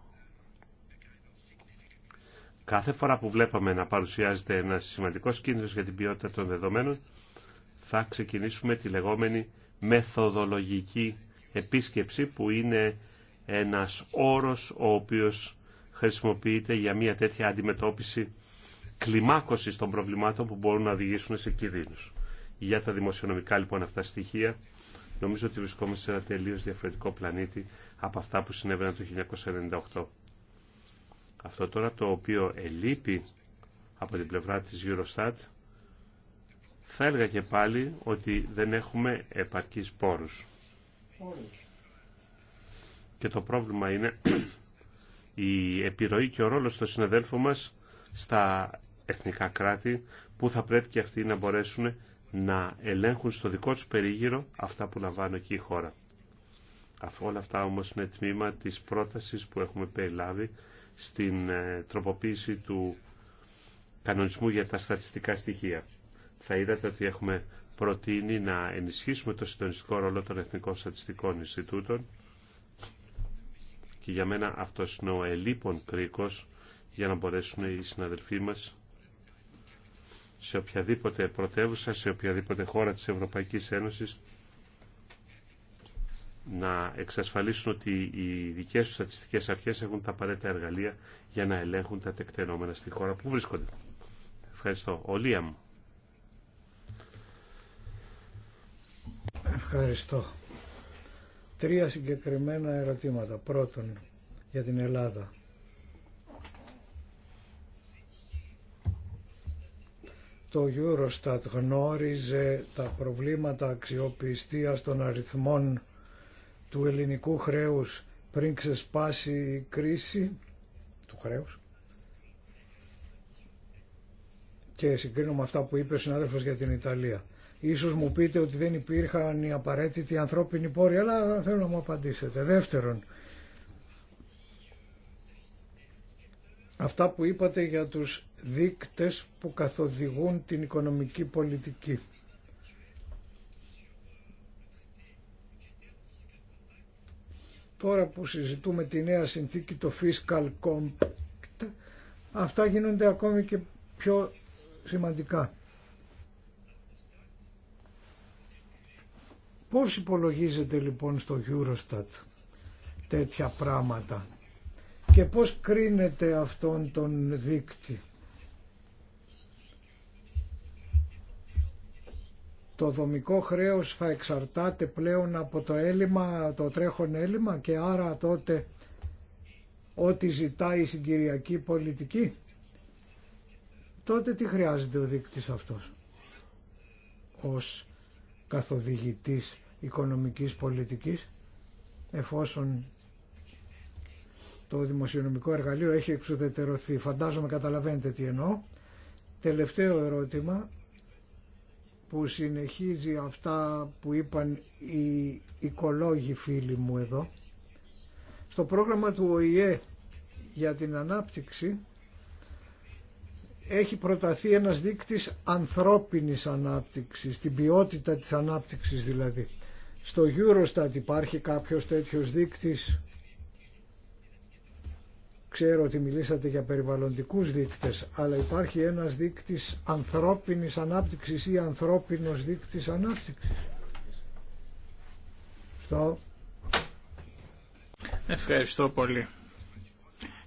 Κάθε φορά που βλέπαμε να παρουσιάζεται ένα σημαντικό κίνδυνο για την ποιότητα των δεδομένων, θα ξεκινήσουμε τη λεγόμενη μεθοδολογική επίσκεψη που είναι ένας όρος ο οποίος χρησιμοποιείται για μια τέτοια αντιμετώπιση κλιμάκωσης των προβλημάτων που μπορούν να οδηγήσουν σε κινδύνους. Για τα δημοσιονομικά λοιπόν αυτά στοιχεία νομίζω ότι βρισκόμαστε σε ένα τελείως διαφορετικό πλανήτη από αυτά που συνέβαιναν το 1998. Αυτό τώρα το οποίο ελείπει από την πλευρά της Eurostat θα έλεγα και πάλι ότι δεν έχουμε επαρκείς πόρους. πόρους. Και το πρόβλημα είναι η επιρροή και ο ρόλος των συναδέλφων μας στα εθνικά κράτη που θα πρέπει και αυτοί να μπορέσουν να ελέγχουν στο δικό τους περίγυρο αυτά που λαμβάνει εκεί η χώρα. Όλα αυτά όμως είναι τμήμα της πρότασης που έχουμε περιλάβει στην ε, τροποποίηση του κανονισμού για τα στατιστικά στοιχεία. Θα είδατε ότι έχουμε προτείνει να ενισχύσουμε το συντονιστικό ρόλο των Εθνικών Στατιστικών Ινστιτούτων και για μένα αυτό είναι ο ελίπων κρίκος για να μπορέσουν οι συναδελφοί μας σε οποιαδήποτε πρωτεύουσα, σε οποιαδήποτε χώρα της Ευρωπαϊκής Ένωσης να εξασφαλίσουν ότι οι δικές τους στατιστικές αρχές έχουν τα απαραίτητα εργαλεία για να ελέγχουν τα τεκτενόμενα στη χώρα που βρίσκονται. Ευχαριστώ. Ο Λίαμ. Ευχαριστώ τρία συγκεκριμένα ερωτήματα. Πρώτον, για την Ελλάδα. Το Eurostat γνώριζε τα προβλήματα αξιοπιστίας των αριθμών του ελληνικού χρέους πριν ξεσπάσει η κρίση του χρέους και συγκρίνω με αυτά που είπε ο συνάδελφος για την Ιταλία. Ίσως μου πείτε ότι δεν υπήρχαν οι απαραίτητοι ανθρώπινοι πόροι, αλλά θέλω να μου απαντήσετε. Δεύτερον, αυτά που είπατε για τους δείκτες που καθοδηγούν την οικονομική πολιτική. Τώρα που συζητούμε τη νέα συνθήκη, το Fiscal Compact, αυτά γίνονται ακόμη και πιο σημαντικά. Πώς υπολογίζεται λοιπόν στο Eurostat τέτοια πράγματα και πώς κρίνεται αυτόν τον δείκτη. Το δομικό χρέος θα εξαρτάται πλέον από το έλλειμμα, το τρέχον έλλειμμα και άρα τότε ό,τι ζητάει η συγκυριακή πολιτική. Τότε τι χρειάζεται ο δείκτης αυτός ως καθοδηγητής οικονομικής πολιτικής εφόσον το δημοσιονομικό εργαλείο έχει εξουδετερωθεί. Φαντάζομαι καταλαβαίνετε τι εννοώ. Τελευταίο ερώτημα που συνεχίζει αυτά που είπαν οι οικολόγοι φίλοι μου εδώ. Στο πρόγραμμα του ΟΗΕ για την ανάπτυξη έχει προταθεί ένας δείκτης ανθρώπινης ανάπτυξης, την ποιότητα της ανάπτυξης δηλαδή. Στο Eurostat υπάρχει κάποιος τέτοιος δείκτης. Ξέρω ότι μιλήσατε για περιβαλλοντικούς δείκτες, αλλά υπάρχει ένας δείκτης ανθρώπινης ανάπτυξης ή ανθρώπινος δείκτης ανάπτυξης. Στο... Ευχαριστώ πολύ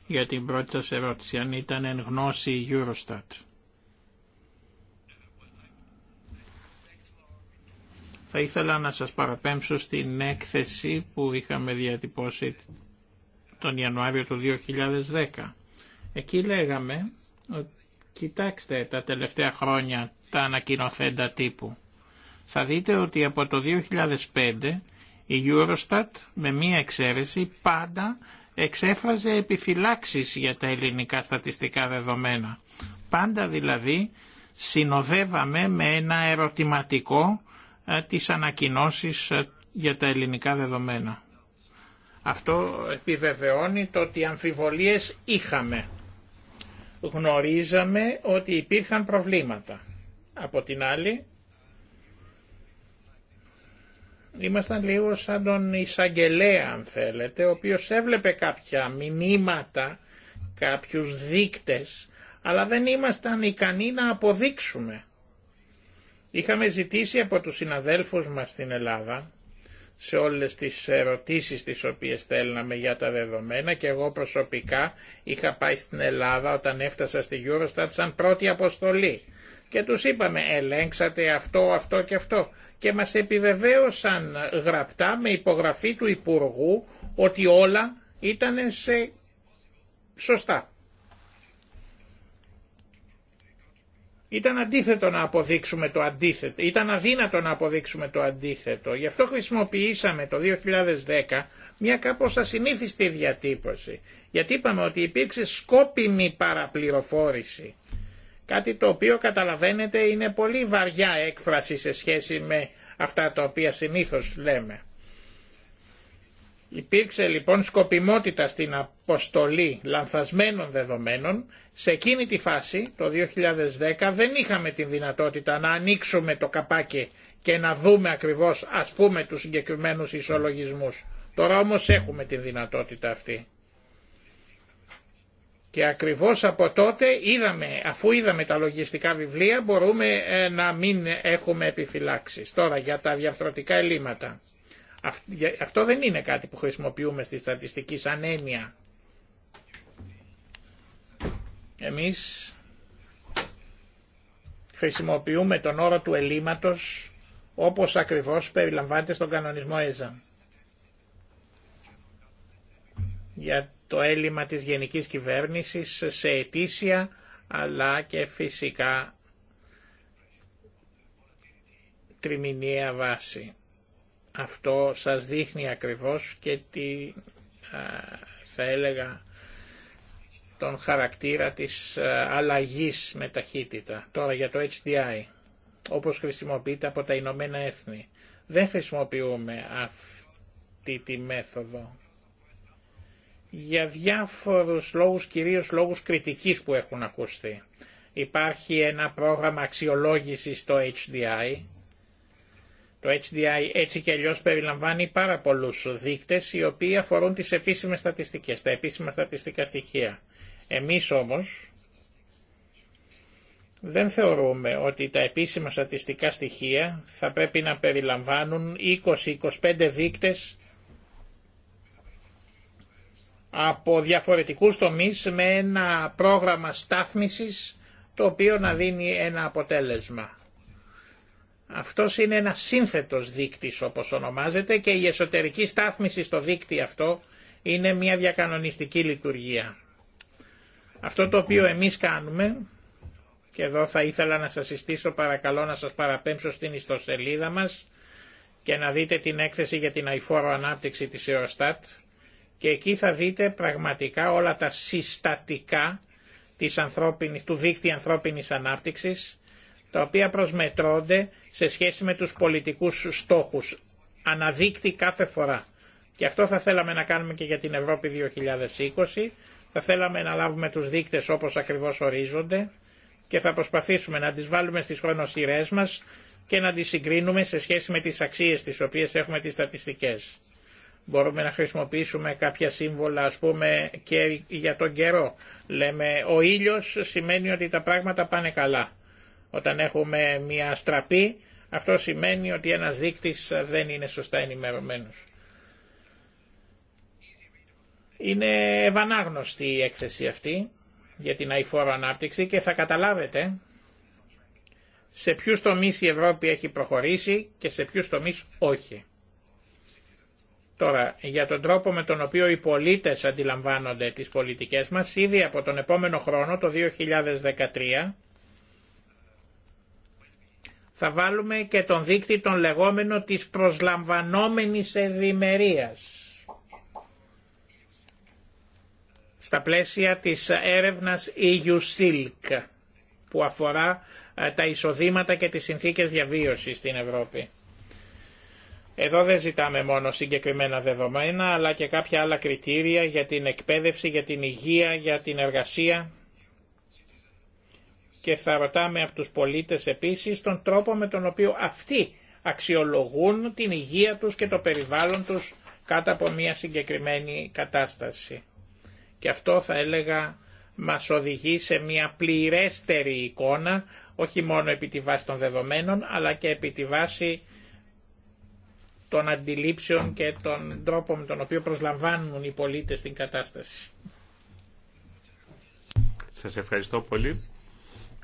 για την πρώτη σας ερώτηση, αν ήταν εν γνώση η Eurostat. Θα ήθελα να σας παραπέμψω στην έκθεση που είχαμε διατυπώσει τον Ιανουάριο του 2010. Εκεί λέγαμε, κοιτάξτε τα τελευταία χρόνια τα ανακοινοθέντα τύπου. Θα δείτε ότι από το 2005 η Eurostat με μία εξαίρεση πάντα εξέφραζε επιφυλάξεις για τα ελληνικά στατιστικά δεδομένα. Πάντα δηλαδή συνοδεύαμε με ένα ερωτηματικό ε, τις ανακοινώσεις ε, για τα ελληνικά δεδομένα. Αυτό επιβεβαιώνει το ότι αμφιβολίες είχαμε. Γνωρίζαμε ότι υπήρχαν προβλήματα. Από την άλλη, ήμασταν λίγο σαν τον εισαγγελέα αν θέλετε, ο οποίος έβλεπε κάποια μηνύματα, κάποιους δείκτες, αλλά δεν ήμασταν ικανοί να αποδείξουμε Είχαμε ζητήσει από τους συναδέλφους μας στην Ελλάδα σε όλες τις ερωτήσεις τις οποίες στέλναμε για τα δεδομένα και εγώ προσωπικά είχα πάει στην Ελλάδα όταν έφτασα στη Eurostat σαν πρώτη αποστολή και τους είπαμε ελέγξατε αυτό, αυτό και αυτό και μας επιβεβαίωσαν γραπτά με υπογραφή του Υπουργού ότι όλα ήταν σε σωστά. Ήταν αντίθετο να αποδείξουμε το αντίθετο. Ήταν αδύνατο να αποδείξουμε το αντίθετο. Γι' αυτό χρησιμοποιήσαμε το 2010 μια κάπως ασυνήθιστη διατύπωση. Γιατί είπαμε ότι υπήρξε σκόπιμη παραπληροφόρηση. Κάτι το οποίο καταλαβαίνετε είναι πολύ βαριά έκφραση σε σχέση με αυτά τα οποία συνήθως λέμε. Υπήρξε λοιπόν σκοπιμότητα στην αποστολή λανθασμένων δεδομένων. Σε εκείνη τη φάση, το 2010, δεν είχαμε την δυνατότητα να ανοίξουμε το καπάκι και να δούμε ακριβώς ας πούμε τους συγκεκριμένους ισολογισμούς. Τώρα όμως έχουμε τη δυνατότητα αυτή. Και ακριβώς από τότε, είδαμε, αφού είδαμε τα λογιστικά βιβλία, μπορούμε ε, να μην έχουμε επιφυλάξεις. Τώρα για τα διαφθορτικά ελλείμματα. Αυτό δεν είναι κάτι που χρησιμοποιούμε στη στατιστική σαν έννοια. Εμείς χρησιμοποιούμε τον όρο του ελίματος όπως ακριβώς περιλαμβάνεται στον κανονισμό ΕΖΑ. Για το έλλειμμα της γενικής κυβέρνησης σε αιτήσια αλλά και φυσικά τριμηνία βάση. Αυτό σας δείχνει ακριβώς και τι θα έλεγα, τον χαρακτήρα της αλλαγής με ταχύτητα. Τώρα για το HDI, όπως χρησιμοποιείται από τα Ηνωμένα Έθνη. Δεν χρησιμοποιούμε αυτή τη μέθοδο για διάφορους λόγους, κυρίως λόγους κριτικής που έχουν ακουστεί. Υπάρχει ένα πρόγραμμα αξιολόγησης στο HDI, το HDI έτσι και αλλιώ περιλαμβάνει πάρα πολλούς δείκτες οι οποίοι αφορούν τις επίσημες στατιστικές, τα επίσημα στατιστικά στοιχεία. Εμείς όμως δεν θεωρούμε ότι τα επίσημα στατιστικά στοιχεία θα πρέπει να περιλαμβάνουν 20-25 δείκτες από διαφορετικούς τομείς με ένα πρόγραμμα στάθμισης το οποίο να δίνει ένα αποτέλεσμα. Αυτό είναι ένα σύνθετος δείκτης όπως ονομάζεται και η εσωτερική στάθμιση στο δίκτυο αυτό είναι μια διακανονιστική λειτουργία. Αυτό το οποίο εμείς κάνουμε, και εδώ θα ήθελα να σας συστήσω παρακαλώ να σας παραπέμψω στην ιστοσελίδα μας και να δείτε την έκθεση για την αηφόρο ανάπτυξη της Eurostat και εκεί θα δείτε πραγματικά όλα τα συστατικά της του δίκτυα ανθρώπινης ανάπτυξης τα οποία προσμετρώνται σε σχέση με τους πολιτικούς στόχους, αναδείκτη κάθε φορά. Και αυτό θα θέλαμε να κάνουμε και για την Ευρώπη 2020, θα θέλαμε να λάβουμε τους δείκτες όπως ακριβώς ορίζονται και θα προσπαθήσουμε να τις βάλουμε στις χρονοσυρές μας και να τις συγκρίνουμε σε σχέση με τις αξίες τις οποίες έχουμε τις στατιστικές. Μπορούμε να χρησιμοποιήσουμε κάποια σύμβολα ας πούμε και για τον καιρό. Λέμε ο ήλιος σημαίνει ότι τα πράγματα πάνε καλά. Όταν έχουμε μια στραπή, αυτό σημαίνει ότι ένας δείκτης δεν είναι σωστά ενημερωμένος. Είναι ευανάγνωστη η έκθεση αυτή για την αηφόρο ανάπτυξη και θα καταλάβετε σε ποιους τομείς η Ευρώπη έχει προχωρήσει και σε ποιους τομείς όχι. Τώρα, για τον τρόπο με τον οποίο οι πολίτες αντιλαμβάνονται τις πολιτικές μας, ήδη από τον επόμενο χρόνο, το 2013, θα βάλουμε και τον δείκτη τον λεγόμενο της προσλαμβανόμενης ευημερίας. Στα πλαίσια της έρευνας EU Silk που αφορά ε, τα εισοδήματα και τις συνθήκες διαβίωσης στην Ευρώπη. Εδώ δεν ζητάμε μόνο συγκεκριμένα δεδομένα, αλλά και κάποια άλλα κριτήρια για την εκπαίδευση, για την υγεία, για την εργασία και θα ρωτάμε από τους πολίτες επίσης τον τρόπο με τον οποίο αυτοί αξιολογούν την υγεία τους και το περιβάλλον τους κάτω από μια συγκεκριμένη κατάσταση. Και αυτό θα έλεγα μας οδηγεί σε μια πληρέστερη εικόνα, όχι μόνο επί τη βάση των δεδομένων, αλλά και επί τη βάση των αντιλήψεων και των τρόπων με τον οποίο προσλαμβάνουν οι πολίτες την κατάσταση. Σας ευχαριστώ πολύ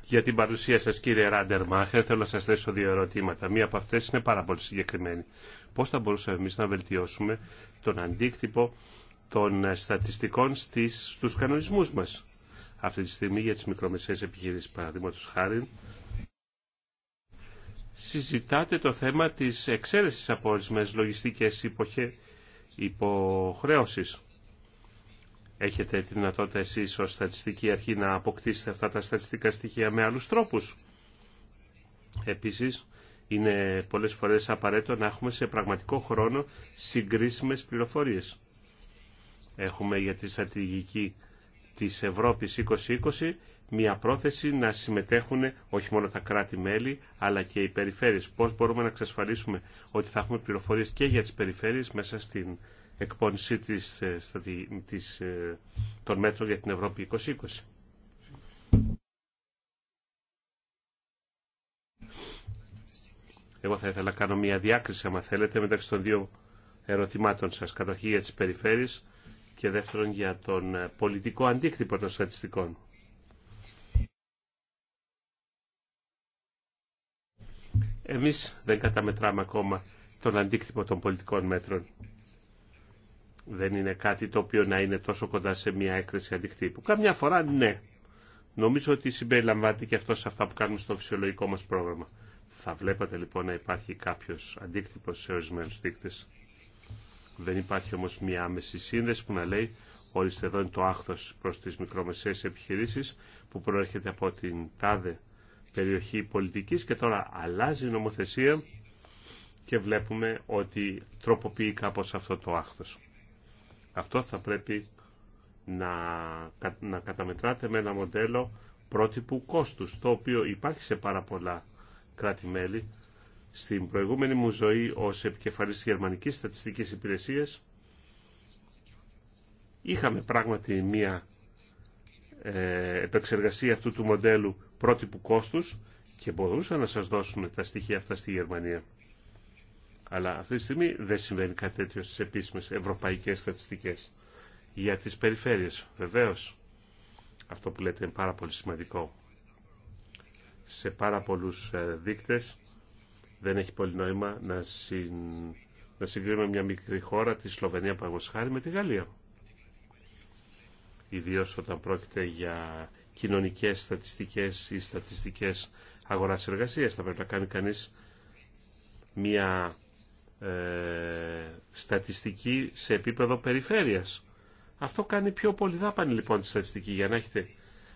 για την παρουσία σας κύριε Ράντερ Μάχερ. Θέλω να σας θέσω δύο ερωτήματα. Μία από αυτές είναι πάρα πολύ συγκεκριμένη. Πώς θα μπορούσαμε εμείς να βελτιώσουμε τον αντίκτυπο των στατιστικών στις, στους κανονισμούς μας. Αυτή τη στιγμή για τις μικρομεσαίες επιχειρήσεις παραδείγματο χάρη συζητάτε το θέμα της εξαίρεσης από ορισμένες λογιστικές υποχρέωσεις. Έχετε τη δυνατότητα εσείς ως στατιστική αρχή να αποκτήσετε αυτά τα στατιστικά στοιχεία με άλλους τρόπους. Επίσης, είναι πολλές φορές απαραίτητο να έχουμε σε πραγματικό χρόνο συγκρίσιμες πληροφορίες. Έχουμε για τη στρατηγική της Ευρώπης 2020 μια πρόθεση να συμμετέχουν όχι μόνο τα κράτη-μέλη αλλά και οι περιφέρειες. Πώς μπορούμε να εξασφαλίσουμε ότι θα έχουμε πληροφορίες και για τις περιφέρειες μέσα στην εκπόνηση της, ε, της, ε, των μέτρων για την Ευρώπη 2020. Εγώ θα ήθελα να κάνω μια διάκριση, αν θέλετε, μεταξύ των δύο ερωτημάτων σας. Καταρχήν για τι περιφέρειε και δεύτερον για τον ε, πολιτικό αντίκτυπο των στατιστικών. Εμείς δεν καταμετράμε ακόμα τον αντίκτυπο των πολιτικών μέτρων. Δεν είναι κάτι το οποίο να είναι τόσο κοντά σε μια έκθεση αντικτύπου. Καμιά φορά ναι. Νομίζω ότι συμπεριλαμβάνεται και αυτό σε αυτά που κάνουμε στο φυσιολογικό μας πρόγραμμα. Θα βλέπατε λοιπόν να υπάρχει κάποιος αντίκτυπος σε ορισμένους δείκτες. Δεν υπάρχει όμως μια άμεση σύνδεση που να λέει ορίστε εδώ είναι το άχθος προς τις μικρομεσαίες επιχειρήσεις που προέρχεται από την τάδε περιοχή πολιτικής και τώρα αλλάζει η νομοθεσία και βλέπουμε ότι τροποποιεί κάπως αυτό το άχθος. Αυτό θα πρέπει να, να καταμετράτε με ένα μοντέλο πρότυπου κόστους, το οποίο υπάρχει σε πάρα πολλά κράτη-μέλη. Στην προηγούμενη μου ζωή ως επικεφαλής της Γερμανικής Στατιστικής Υπηρεσίας είχαμε πράγματι μία ε, επεξεργασία αυτού του μοντέλου πρότυπου κόστους και μπορούσα να σας δώσουν τα στοιχεία αυτά στη Γερμανία. Αλλά αυτή τη στιγμή δεν συμβαίνει κάτι τέτοιο στις επίσημες ευρωπαϊκές στατιστικές. Για τις περιφέρειες, βεβαίως, αυτό που λέτε είναι πάρα πολύ σημαντικό. Σε πάρα πολλούς ε, δείκτες δεν έχει πολύ νόημα να, συγκρίνουμε μια μικρή χώρα, τη Σλοβενία παγωσχάρη, με τη Γαλλία. Ιδίως όταν πρόκειται για κοινωνικές στατιστικές ή στατιστικές αγορά εργασίας. Θα πρέπει να κάνει κανείς μια ε, στατιστική σε επίπεδο περιφέρειας. Αυτό κάνει πιο πολυδάπανη λοιπόν τη στατιστική. Για να έχετε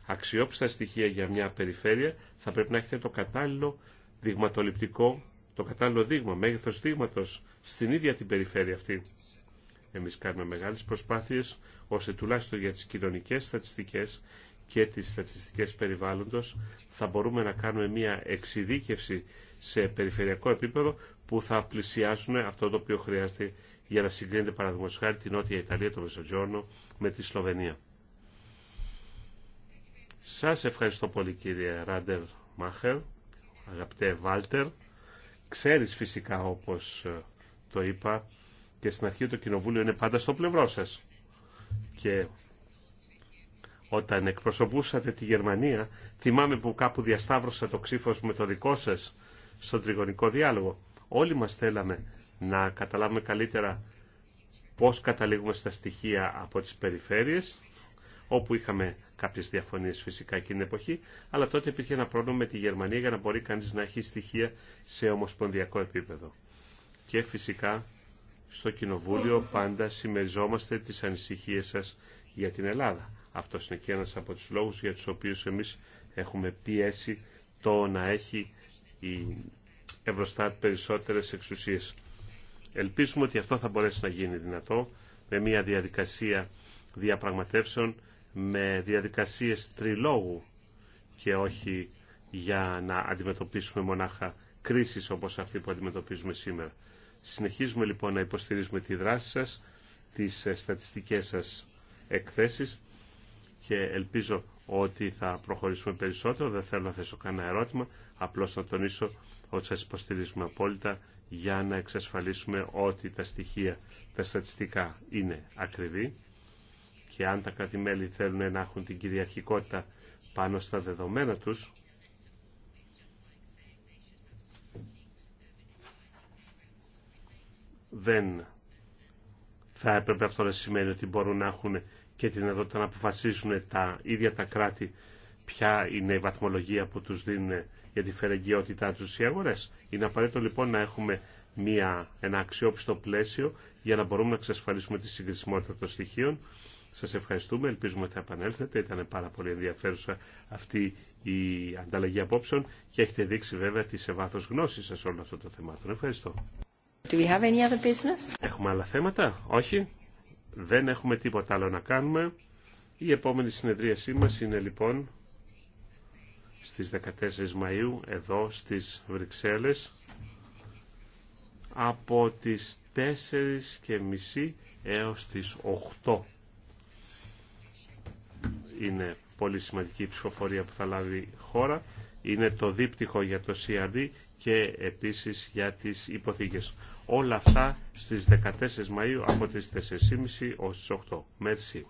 αξιόπιστα στοιχεία για μια περιφέρεια θα πρέπει να έχετε το κατάλληλο δειγματοληπτικό, το κατάλληλο δείγμα, μέγεθος δείγματος στην ίδια την περιφέρεια αυτή. Εμείς κάνουμε μεγάλες προσπάθειες ώστε τουλάχιστον για τις κοινωνικές στατιστικές και τις στατιστικές περιβάλλοντος θα μπορούμε να κάνουμε μια εξειδίκευση σε περιφερειακό επίπεδο που θα πλησιάσουν αυτό το οποίο χρειάζεται για να συγκρίνεται παραδείγματο χάρη τη Νότια Ιταλία, το Μεσογειώνο με τη Σλοβενία. Σα ευχαριστώ πολύ κύριε Ράντερ Μάχερ, αγαπητέ Βάλτερ. Ξέρεις φυσικά όπως ε, το είπα και στην αρχή το κοινοβούλιο είναι πάντα στο πλευρό σας. Και όταν εκπροσωπούσατε τη Γερμανία θυμάμαι που κάπου διασταύρωσα το ξύφος με το δικό σας στον τριγωνικό διάλογο. Όλοι μας θέλαμε να καταλάβουμε καλύτερα πώς καταλήγουμε στα στοιχεία από τις περιφέρειες, όπου είχαμε κάποιες διαφωνίες φυσικά εκείνη την εποχή, αλλά τότε υπήρχε ένα πρόβλημα με τη Γερμανία για να μπορεί κανείς να έχει στοιχεία σε ομοσπονδιακό επίπεδο. Και φυσικά στο Κοινοβούλιο πάντα συμμεριζόμαστε τις ανησυχίες σας για την Ελλάδα. Αυτό είναι και ένας από τους λόγους για τους οποίους εμείς έχουμε πιέσει το να έχει η Ευρωστάτ περισσότερες εξουσίες. Ελπίζουμε ότι αυτό θα μπορέσει να γίνει δυνατό με μια διαδικασία διαπραγματεύσεων, με διαδικασίες τριλόγου και όχι για να αντιμετωπίσουμε μονάχα κρίσεις όπως αυτή που αντιμετωπίζουμε σήμερα. Συνεχίζουμε λοιπόν να υποστηρίζουμε τη δράση σας, τις ε, στατιστικές σας εκθέσεις και ελπίζω ότι θα προχωρήσουμε περισσότερο. Δεν θέλω να θέσω κανένα ερώτημα, απλώς να τονίσω ότι σας υποστηρίζουμε απόλυτα για να εξασφαλίσουμε ότι τα στοιχεία, τα στατιστικά είναι ακριβή και αν τα κράτη-μέλη θέλουν να έχουν την κυριαρχικότητα πάνω στα δεδομένα τους, δεν θα έπρεπε αυτό να σημαίνει ότι μπορούν να έχουν και τη δυνατότητα να αποφασίσουν τα ίδια τα κράτη ποια είναι η βαθμολογία που τους δίνουν για τη φερεγγιότητά τους οι αγορές. Είναι απαραίτητο λοιπόν να έχουμε μια, ένα αξιόπιστο πλαίσιο για να μπορούμε να εξασφαλίσουμε τη συγκρισιμότητα των στοιχείων. Σας ευχαριστούμε, ελπίζουμε ότι θα επανέλθετε. Ήταν πάρα πολύ ενδιαφέρουσα αυτή η ανταλλαγή απόψεων και έχετε δείξει βέβαια τη σε βάθος γνώση σας όλο το το Τον Ευχαριστώ. Do we Έχουμε άλλα θέματα, όχι. Δεν έχουμε τίποτα άλλο να κάνουμε. Η επόμενη συνεδρίασή μας είναι λοιπόν στις 14 Μαΐου εδώ στις Βρυξέλλες από τις 4 και μισή έως τις 8. Είναι πολύ σημαντική η ψηφοφορία που θα λάβει η χώρα. Είναι το δίπτυχο για το CRD και επίσης για τις υποθήκες. Όλα αυτά στις 14 Μαΐου από τις 4.30 ως τις 8. Merci.